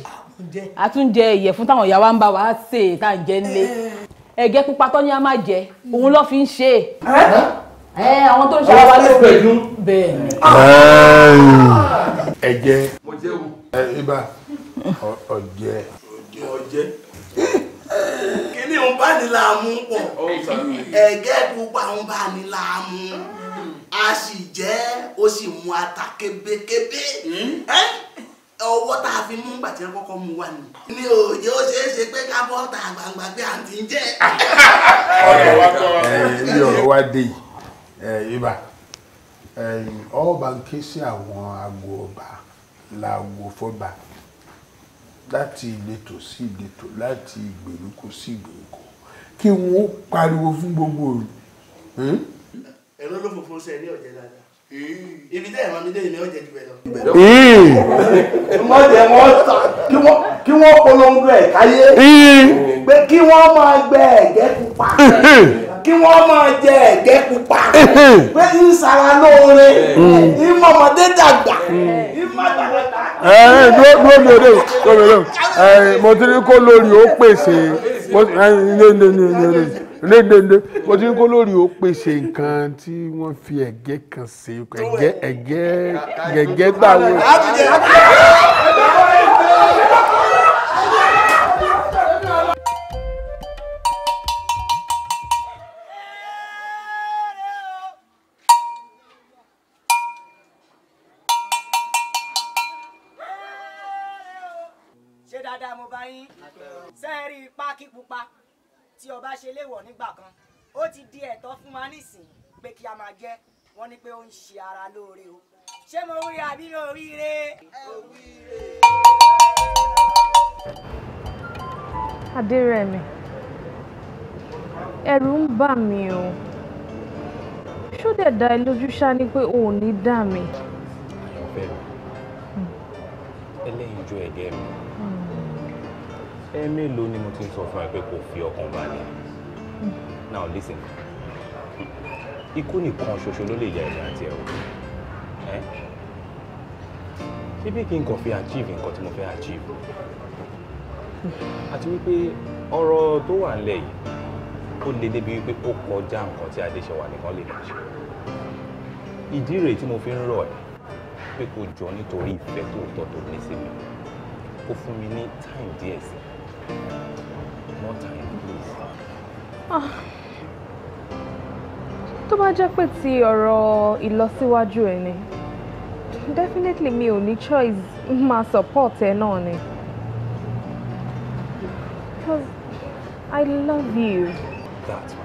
à tún jẹ ìyẹ̀fun táwọn ìyá wa ń bá wa ṣe tá à ń jẹ nílé eh, eh, eh. ẹ̀gẹ́ pupa tọ́ni á má jẹ òun ló fi ń ṣe é àwọn tó ń ṣe ara wa pè é bẹ́ẹ̀ ni. ẹ ibà ọ̀jẹ̀. ọ̀jẹ̀ eléyìí ń bá ní láàmú pọ̀ oh, ẹ̀gẹ́ gbogbo àwọn bá ní láàmú a sì jẹ́ ó sì mú ata kébékébé hmm? ọwọ́ tá a fi mú gbàtí ẹ kọ́kọ́ mú wa ni. mi ò jẹ́ ó ṣeé ṣe pé ká bọ́ ta gbangba pé à ń ti jẹ́. ilé ọ̀rọ̀ wa dé yìí ibà ọba ń ké sí àwọn àgọ́ ọba làgò fọba láti ìletò sí ìletò láti ìgbèríko sí ìgbèríko kí n ó pariwo fún gbogbo òru. Hmm? ẹ̀rọ ló fòfò sẹ́ ní ọ̀jẹ̀ dáadáa ibi tẹ́ ẹ̀rọ mi dé ìmọ̀ ọ̀jẹ̀ jù bẹ́ẹ̀ lọ. mọ̀ hmm. jẹ́ wọ́n kí wọ́n polongo ẹ̀ káyé hmm. pé kí wọ́n máa gbẹ ẹ̀gẹ́ pupa kí wọ́n máa jẹ ẹ̀gẹ́ pupa pé ń sara lóore ń mọ̀mọ́dé dàgbà ẹ dúró dúró dúró dúró mo ti ní kó lórí ó pèsè lédèdè mo ti ní kó lórí ó pèsè nǹkan tí wọ́n fi ẹ̀gẹ́ kan ṣe ẹ̀gẹ́ ẹ̀gẹ́ gẹ̀gẹ́ pupa kí pupa tí ọba ṣe léwọ̀ nígbà kan ó ti di ẹ̀tọ́ fún wa nísìnyí pé kí a máa jẹ wọ́n ní pé ó ń ṣe ara lóore o ṣé mo rí àbí mi rí ire. adérẹ̀mí ẹ̀rù ń bà mí o ṣó dẹ̀ dá ẹ lójú ṣá ni pé o ò ní dà mí. ẹlẹ́yinjú ẹ̀gẹ́ mi ẹ mélòó ni mo ti ń sọ fún ẹ pé kò fi ọkàn balẹ̀ now listen ikú nìkan ṣoṣo ló lè ya ẹ̀mí àti ẹ̀rọ ẹ ṣé bí kí n kàn fi achieve nǹkan tí mo fẹ́ achieve àti wípé ọ̀rọ̀ tó wà ńlẹ̀ yìí ó le débi wípé ó kọjá nǹkan tí adéṣẹwà nìkan lè máa ṣe ìdí rèé tí mo fi ń rọ̀ ẹ́ pé kò jọ nítorí ìfẹ́ tòótọ́ tó ní sí mi kó fún mi ní time díẹ̀ sí i More time, please. Ah. Tó bá jẹ́ pé ti ọ̀rọ̀ ìlọsíwájú ẹ ni, definitely mi ò ní choice máa support ẹ náà ni. Because I love you. That's